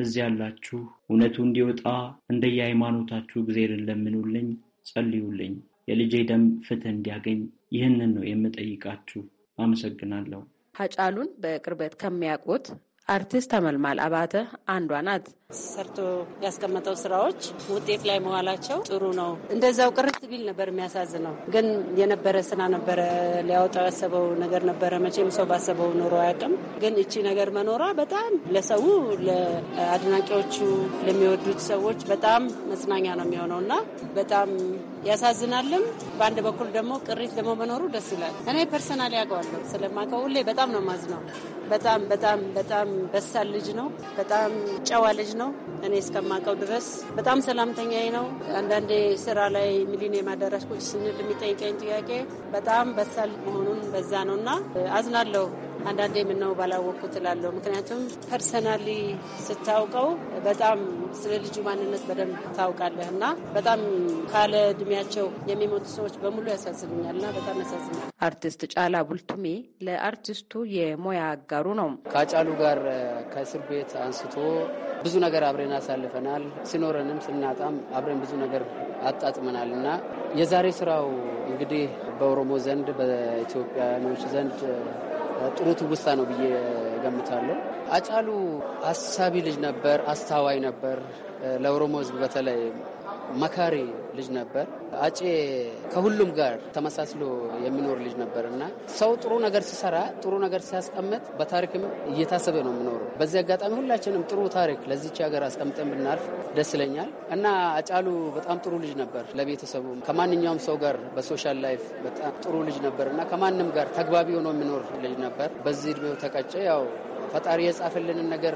S14: እዚህ ያላችሁ እውነቱ እንዲወጣ እንደየሃይማኖታችሁ እግዜርን ለምኑልኝ፣ ጸልዩልኝ። የልጄ ደም ፍትህ እንዲያገኝ ይህንን ነው የምጠይቃችሁ። አመሰግናለሁ።
S15: ሀጫሉን በቅርበት ከሚያውቁት አርቲስት ተመልማል አባተ አንዷ ናት። ሰርቶ
S16: ያስቀመጠው ስራዎች ውጤት ላይ መዋላቸው ጥሩ ነው። እንደዛው ቅርት ቢል ነበር የሚያሳዝነው፣ ግን የነበረ ስና ነበረ ሊያወጣው ያሰበው ነገር ነበረ። መቼም ሰው ባሰበው ኖሮ አያውቅም። ግን እቺ ነገር መኖሯ በጣም ለሰው ለአድናቂዎቹ፣ ለሚወዱት ሰዎች በጣም መጽናኛ ነው የሚሆነው እና በጣም ያሳዝናልም። በአንድ በኩል ደግሞ ቅሪት ደግሞ መኖሩ ደስ ይላል። እኔ ፐርሰናል ያውቀዋለሁ ስለማውቀው ሁሌ በጣም ነው ማዝነው በጣም በጣም በጣም በሳል ልጅ ነው። በጣም ጨዋ ልጅ ነው። እኔ እስከማውቀው ድረስ በጣም ሰላምተኛዬ ነው። አንዳንዴ ስራ ላይ ሚሊኒየም አዳራሽ ቁጭ ስንል የሚጠይቀኝ ጥያቄ በጣም በሳል መሆኑን በዛ ነው እና አዝናለሁ። አንዳንዴ የምነው ባላወቅኩ ትላለሁ። ምክንያቱም ፐርሰናሊ ስታውቀው በጣም ስለ ልጁ ማንነት በደንብ ታውቃለህ እና በጣም ካለ እድሜያቸው የሚሞቱ ሰዎች በሙሉ ያሳዝኑኛል እና በጣም ያሳዝኛል።
S15: አርቲስት ጫላ ቡልቱሜ ለአርቲስቱ
S17: የሙያ አጋሩ እየሰሩ ነው። ከአጫሉ ጋር ከእስር ቤት አንስቶ ብዙ ነገር አብረን አሳልፈናል። ሲኖረንም ስናጣም አብረን ብዙ ነገር አጣጥመናል እና የዛሬ ስራው እንግዲህ በኦሮሞ ዘንድ በኢትዮጵያኖች ዘንድ ጥሩ ትውስታ ነው ብዬ ገምታለሁ። አጫሉ አሳቢ ልጅ ነበር፣ አስታዋይ ነበር። ለኦሮሞ ሕዝብ በተለይ መካሪ ልጅ ነበር። አጬ ከሁሉም ጋር ተመሳስሎ የሚኖር ልጅ ነበር እና ሰው ጥሩ ነገር ሲሰራ ጥሩ ነገር ሲያስቀምጥ በታሪክም እየታሰበ ነው የምኖረው። በዚህ አጋጣሚ ሁላችንም ጥሩ ታሪክ ለዚች ሀገር አስቀምጠን ብናልፍ ደስ ይለኛል እና አጫሉ በጣም ጥሩ ልጅ ነበር። ለቤተሰቡ ከማንኛውም ሰው ጋር በሶሻል ላይፍ በጣም ጥሩ ልጅ ነበር እና ከማንም ጋር ተግባቢ ሆኖ የሚኖር ልጅ ነበር። በዚህ እድሜው ተቀጨ ያው ፈጣሪ የጻፈልንን ነገር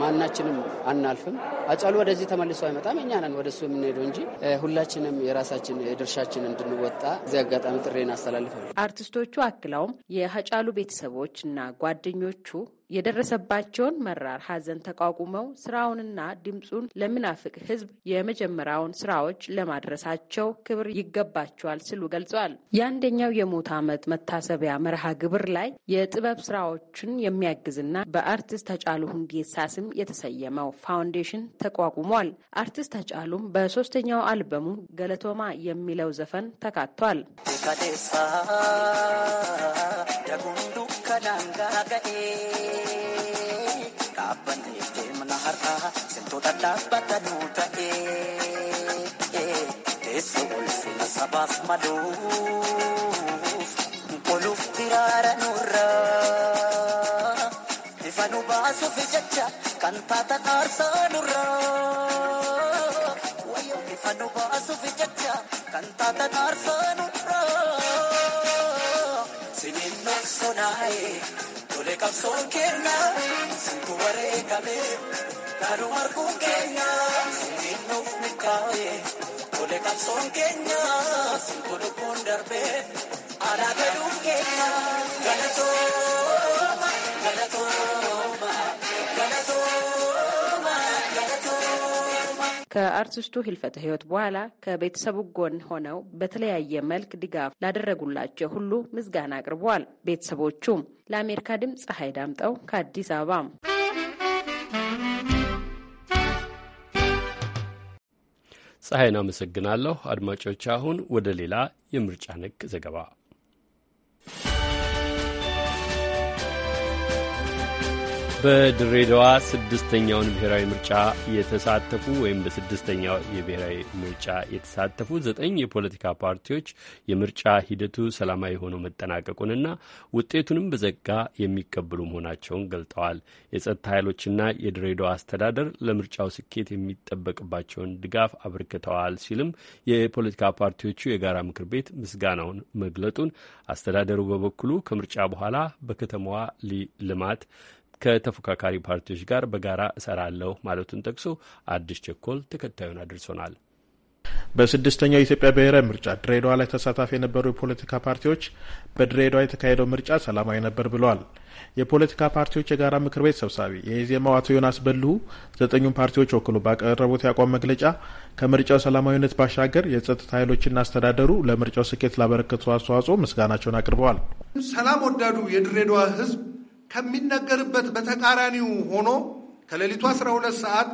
S17: ማናችንም አናልፍም። አጫሉ ወደዚህ ተመልሶ አይመጣም። እኛ ነን ወደ እሱ የምንሄደው እንጂ ሁላችንም የራሳችን የድርሻችን እንድንወጣ እዚህ አጋጣሚ ጥሬን አስተላልፋል።
S15: አርቲስቶቹ አክለውም የሀጫሉ ቤተሰቦች እና ጓደኞቹ የደረሰባቸውን መራር ሐዘን ተቋቁመው ስራውንና ድምፁን ለምናፍቅ ሕዝብ የመጀመሪያውን ስራዎች ለማድረሳቸው ክብር ይገባቸዋል ሲሉ ገልጸዋል። የአንደኛው የሞት ዓመት መታሰቢያ መርሃ ግብር ላይ የጥበብ ስራዎችን የሚያግዝና በአርቲስት ተጫሉ ሁንዴሳ ስም የተሰየመው ፋውንዴሽን ተቋቁሟል። አርቲስት ተጫሉም በሶስተኛው አልበሙ ገለቶማ የሚለው ዘፈን ተካቷል።
S16: Sintoota dhaabbata nuu ta'ee teessoo ulfina sabaaf maluuf oluuf diraara nurraa ifa nu baasuuf jecha kan taata dhaarsaa
S4: nurraa wayyoo ifa nu baasuuf kan taata dhaarsaa
S9: nurraa
S13: siniin noqsonaa'ee
S11: tolee qabsoon kennaa
S15: ከአርቲስቱ ህልፈተ ህይወት በኋላ ከቤተሰቡ ጎን ሆነው በተለያየ መልክ ድጋፍ ላደረጉላቸው ሁሉ ምዝጋና አቅርበዋል። ቤተሰቦቹ ለአሜሪካ ድምፅ ፀሐይ ዳምጠው ከአዲስ አበባ።
S1: ፀሐይን አመሰግናለሁ። አድማጮች፣ አሁን ወደ ሌላ የምርጫ ነክ ዘገባ በድሬዳዋ ስድስተኛውን ብሔራዊ ምርጫ የተሳተፉ ወይም በስድስተኛው የብሔራዊ ምርጫ የተሳተፉ ዘጠኝ የፖለቲካ ፓርቲዎች የምርጫ ሂደቱ ሰላማዊ ሆኖ መጠናቀቁንና ውጤቱንም በዘጋ የሚቀበሉ መሆናቸውን ገልጠዋል። የጸጥታ ኃይሎችና የድሬዳዋ አስተዳደር ለምርጫው ስኬት የሚጠበቅባቸውን ድጋፍ አበርክተዋል ሲልም የፖለቲካ ፓርቲዎቹ የጋራ ምክር ቤት ምስጋናውን መግለጡን አስተዳደሩ በበኩሉ ከምርጫ በኋላ በከተማዋ ልማት ከተፎካካሪ ፓርቲዎች ጋር በጋራ እሰራለሁ ማለቱን ጠቅሶ
S18: አዲስ ቸኮል
S1: ተከታዩን አድርሶናል።
S18: በስድስተኛው የኢትዮጵያ ብሔራዊ ምርጫ ድሬዳዋ ላይ ተሳታፊ የነበሩ የፖለቲካ ፓርቲዎች በድሬዳዋ የተካሄደው ምርጫ ሰላማዊ ነበር ብለዋል። የፖለቲካ ፓርቲዎች የጋራ ምክር ቤት ሰብሳቢ የኢዜማው አቶ ዮናስ በልሁ ዘጠኙን ፓርቲዎች ወክሎ ባቀረቡት የአቋም መግለጫ ከምርጫው ሰላማዊነት ባሻገር የጸጥታ ኃይሎችና አስተዳደሩ ለምርጫው ስኬት ላበረከቱ አስተዋጽኦ ምስጋናቸውን አቅርበዋል።
S19: ሰላም ወዳዱ የድሬዳዋ ሕዝብ ከሚነገርበት በተቃራኒው ሆኖ ከሌሊቱ 12 ሰዓት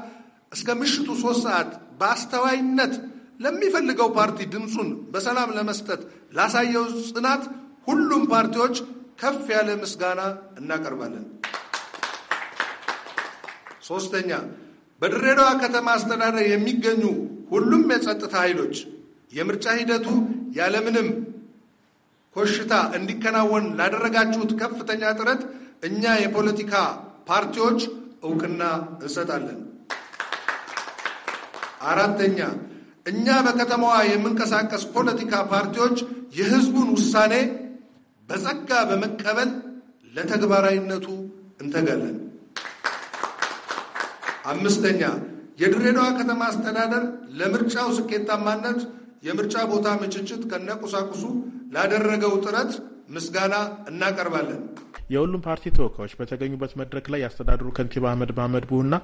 S19: እስከ ምሽቱ 3 ሰዓት በአስተዋይነት ለሚፈልገው ፓርቲ ድምፁን በሰላም ለመስጠት ላሳየው ጽናት ሁሉም ፓርቲዎች ከፍ ያለ ምስጋና እናቀርባለን። ሶስተኛ፣ በድሬዳዋ ከተማ አስተዳደር የሚገኙ ሁሉም የጸጥታ ኃይሎች የምርጫ ሂደቱ ያለምንም ኮሽታ እንዲከናወን ላደረጋችሁት ከፍተኛ ጥረት እኛ የፖለቲካ ፓርቲዎች እውቅና እንሰጣለን። አራተኛ እኛ በከተማዋ የምንቀሳቀስ ፖለቲካ ፓርቲዎች የሕዝቡን ውሳኔ በጸጋ በመቀበል ለተግባራዊነቱ እንተጋለን። አምስተኛ የድሬዳዋ ከተማ አስተዳደር ለምርጫው ስኬታማነት የምርጫ ቦታ ምችችት ከነቁሳቁሱ ላደረገው ጥረት ምስጋና እናቀርባለን።
S18: የሁሉም ፓርቲ ተወካዮች በተገኙበት መድረክ ላይ የአስተዳደሩ ከንቲባ አህመድ ማህመድ ቡሁና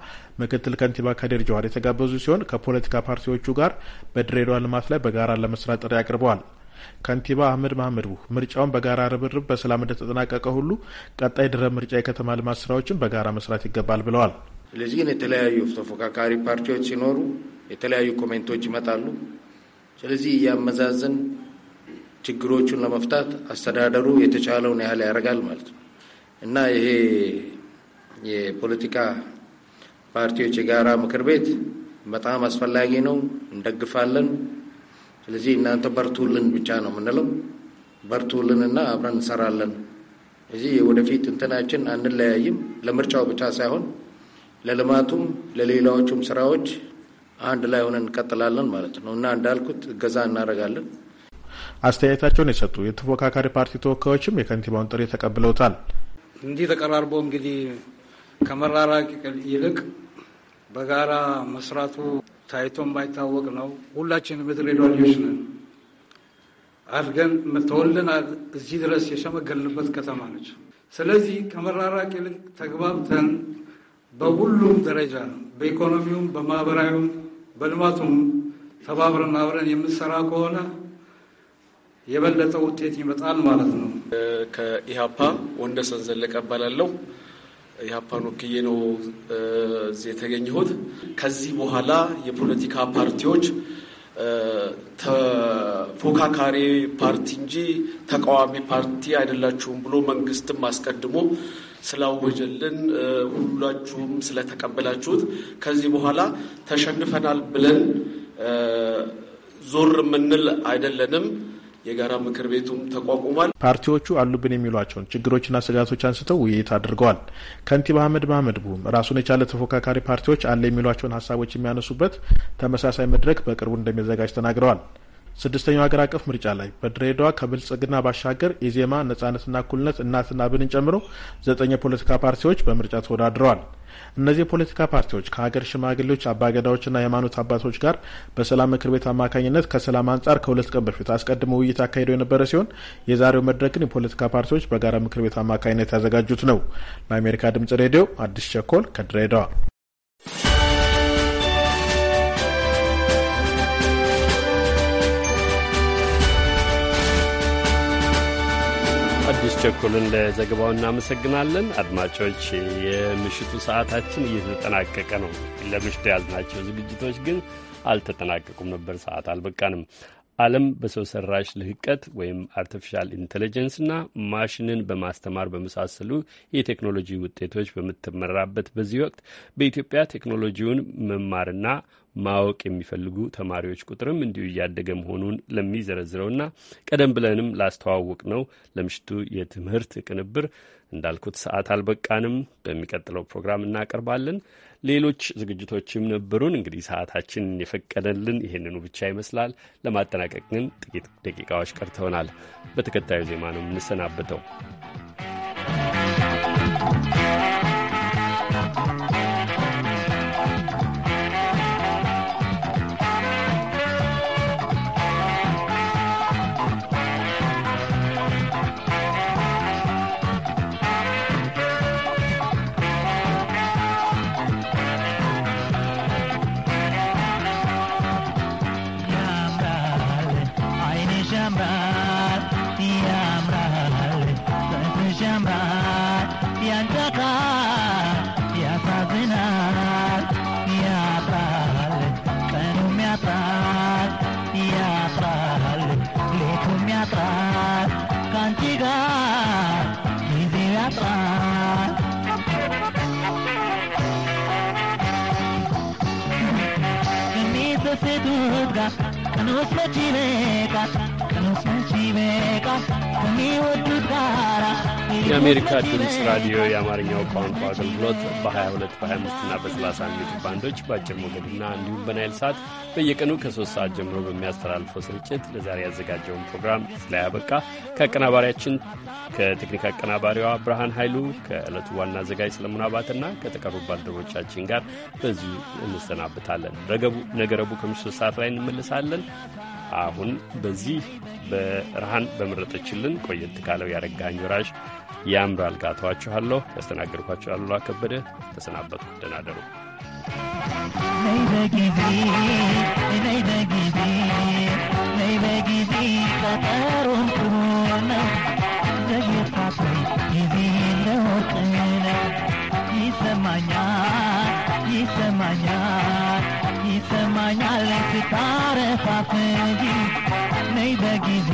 S18: ምክትል ከንቲባ ከዴር ጀዋር የተጋበዙ ሲሆን ከፖለቲካ ፓርቲዎቹ ጋር በድሬዳዋ ልማት ላይ በጋራ ለመስራት ጥሪ አቅርበዋል። ከንቲባ አህመድ ማህመድ ቡህ ምርጫውን በጋራ ርብርብ በሰላም እንደተጠናቀቀ ሁሉ ቀጣይ ድረ ምርጫ የከተማ ልማት ስራዎችን በጋራ መስራት ይገባል ብለዋል።
S5: ስለዚህ ግን የተለያዩ ተፎካካሪ ፓርቲዎች ሲኖሩ የተለያዩ ኮሜንቶች ይመጣሉ። ስለዚህ እያመዛዘን ችግሮቹን ለመፍታት አስተዳደሩ የተቻለውን ያህል ያደርጋል ማለት ነው እና ይሄ የፖለቲካ ፓርቲዎች የጋራ ምክር ቤት በጣም አስፈላጊ ነው፣ እንደግፋለን። ስለዚህ እናንተ በርቱልን ብቻ ነው የምንለው። በርቱልንና አብረን እንሰራለን። እዚህ ወደፊት እንትናችን አንለያይም። ለምርጫው ብቻ ሳይሆን ለልማቱም ለሌላዎቹም ስራዎች አንድ ላይ ሆነን እንቀጥላለን ማለት ነው እና እንዳልኩት እገዛ እናደርጋለን።
S18: አስተያየታቸውን የሰጡ የተፎካካሪ ፓርቲ ተወካዮችም የከንቲባውን ጥሪ ተቀብለውታል።
S5: እንዲህ ተቀራርቦ እንግዲህ ከመራራቅ ይልቅ በጋራ መስራቱ ታይቶ ማይታወቅ ነው። ሁላችን የድሬዳዋ ልጆች ነን። አድገን ተወልደን እዚህ ድረስ የሸመገልንበት ከተማ ነች። ስለዚህ ከመራራቅ ይልቅ ተግባብተን በሁሉም ደረጃ በኢኮኖሚውም፣ በማህበራዊም፣ በልማቱም ተባብረን አብረን የምንሰራ ከሆነ የበለጠ ውጤት ይመጣል ማለት ነው። ከኢህአፓ ወንደሰን ዘለቀ እባላለሁ። ኢህአፓን ወክዬ ነው እዚህ የተገኘሁት። ከዚህ በኋላ የፖለቲካ ፓርቲዎች ተፎካካሪ ፓርቲ እንጂ ተቃዋሚ ፓርቲ አይደላችሁም ብሎ መንግስትም አስቀድሞ ስላወጀልን ሁላችሁም ስለተቀበላችሁት ከዚህ በኋላ ተሸንፈናል ብለን ዞር የምንል አይደለንም። የጋራ ምክር ቤቱም ተቋቁሟል።
S18: ፓርቲዎቹ አሉብን የሚሏቸውን ችግሮችና ስጋቶች አንስተው ውይይት አድርገዋል። ከንቲባ አህመድ ማህመድ ቡም ራሱን የቻለ ተፎካካሪ ፓርቲዎች አለ የሚሏቸውን ሀሳቦች የሚያነሱበት ተመሳሳይ መድረክ በቅርቡ እንደሚዘጋጅ ተናግረዋል። ስድስተኛው ሀገር አቀፍ ምርጫ ላይ በድሬዳዋ ከብልጽግና ባሻገር ኢዜማ፣ ነጻነትና እኩልነት፣ እናትና ብንን ጨምሮ ዘጠኝ የፖለቲካ ፓርቲዎች በምርጫ ተወዳድረዋል። እነዚህ የፖለቲካ ፓርቲዎች ከሀገር ሽማግሌዎች፣ አባገዳዎችና የሃይማኖት አባቶች ጋር በሰላም ምክር ቤት አማካኝነት ከሰላም አንጻር ከሁለት ቀን በፊት አስቀድሞ ውይይት አካሂደው የነበረ ሲሆን የዛሬው መድረክ ግን የፖለቲካ ፓርቲዎች በጋራ ምክር ቤት አማካኝነት ያዘጋጁት ነው። ለአሜሪካ ድምጽ ሬዲዮ አዲስ ቸኮል ከድሬዳዋ
S1: ቸኮልን ለዘገባው እናመሰግናለን። አድማጮች የምሽቱ ሰዓታችን እየተጠናቀቀ ነው። ለምሽቱ ያዝናቸው ዝግጅቶች ግን አልተጠናቀቁም ነበር፣ ሰዓት አልበቃንም። ዓለም በሰው ሰራሽ ልህቀት ወይም አርቲፊሻል ኢንቴሊጀንስና ማሽንን በማስተማር በመሳሰሉ የቴክኖሎጂ ውጤቶች በምትመራበት በዚህ ወቅት በኢትዮጵያ ቴክኖሎጂውን መማርና ማወቅ የሚፈልጉ ተማሪዎች ቁጥርም እንዲሁ እያደገ መሆኑን ለሚዘረዝረውና ቀደም ብለንም ላስተዋውቅ ነው ለምሽቱ የትምህርት ቅንብር እንዳልኩት ሰዓት አልበቃንም። በሚቀጥለው ፕሮግራም እናቀርባለን። ሌሎች ዝግጅቶችም ነበሩን። እንግዲህ ሰዓታችን የፈቀደልን ይህንኑ ብቻ ይመስላል። ለማጠናቀቅ ግን ጥቂት ደቂቃዎች ቀርተውናል። በተከታዩ ዜማ ነው የምንሰናበተው።
S4: ከመስመች ይበቃል ከመስመች ይበቃል ከሚወዱት ጋራ የአሜሪካ ድምፅ ራዲዮ
S1: የአማርኛው ቋንቋ አገልግሎት በ22 በ25ና በ30 ሜትር ባንዶች በአጭር ሞገድና እንዲሁም በናይል ሰዓት በየቀኑ ከሶስት ሰዓት ጀምሮ በሚያስተላልፈው ስርጭት ለዛሬ ያዘጋጀውን ፕሮግራም ስላያበቃ ከአቀናባሪያችን ከቴክኒክ አቀናባሪዋ ብርሃን ኃይሉ ከዕለቱ ዋና አዘጋጅ ሰለሞን አባትና ከተቀሩ ባልደረቦቻችን ጋር በዚሁ እንሰናብታለን። ነገ ረቡዕ ከምሽቱ ሰዓት ላይ እንመልሳለን። አሁን በዚህ በርሃን በመረጠችልን ቆየት ካለው ያረጋኝ ወራሽ ያምራል ጋር ተዋችኋለሁ። ያስተናገድኳቸው አሉላ ከበደ ተሰናበቱ። ደህና አደሩ። ጊዜ
S4: ይሰማኛል ይሰማኛል ይሰማኛል ስታረፋፈጂ ነይ በጊዜ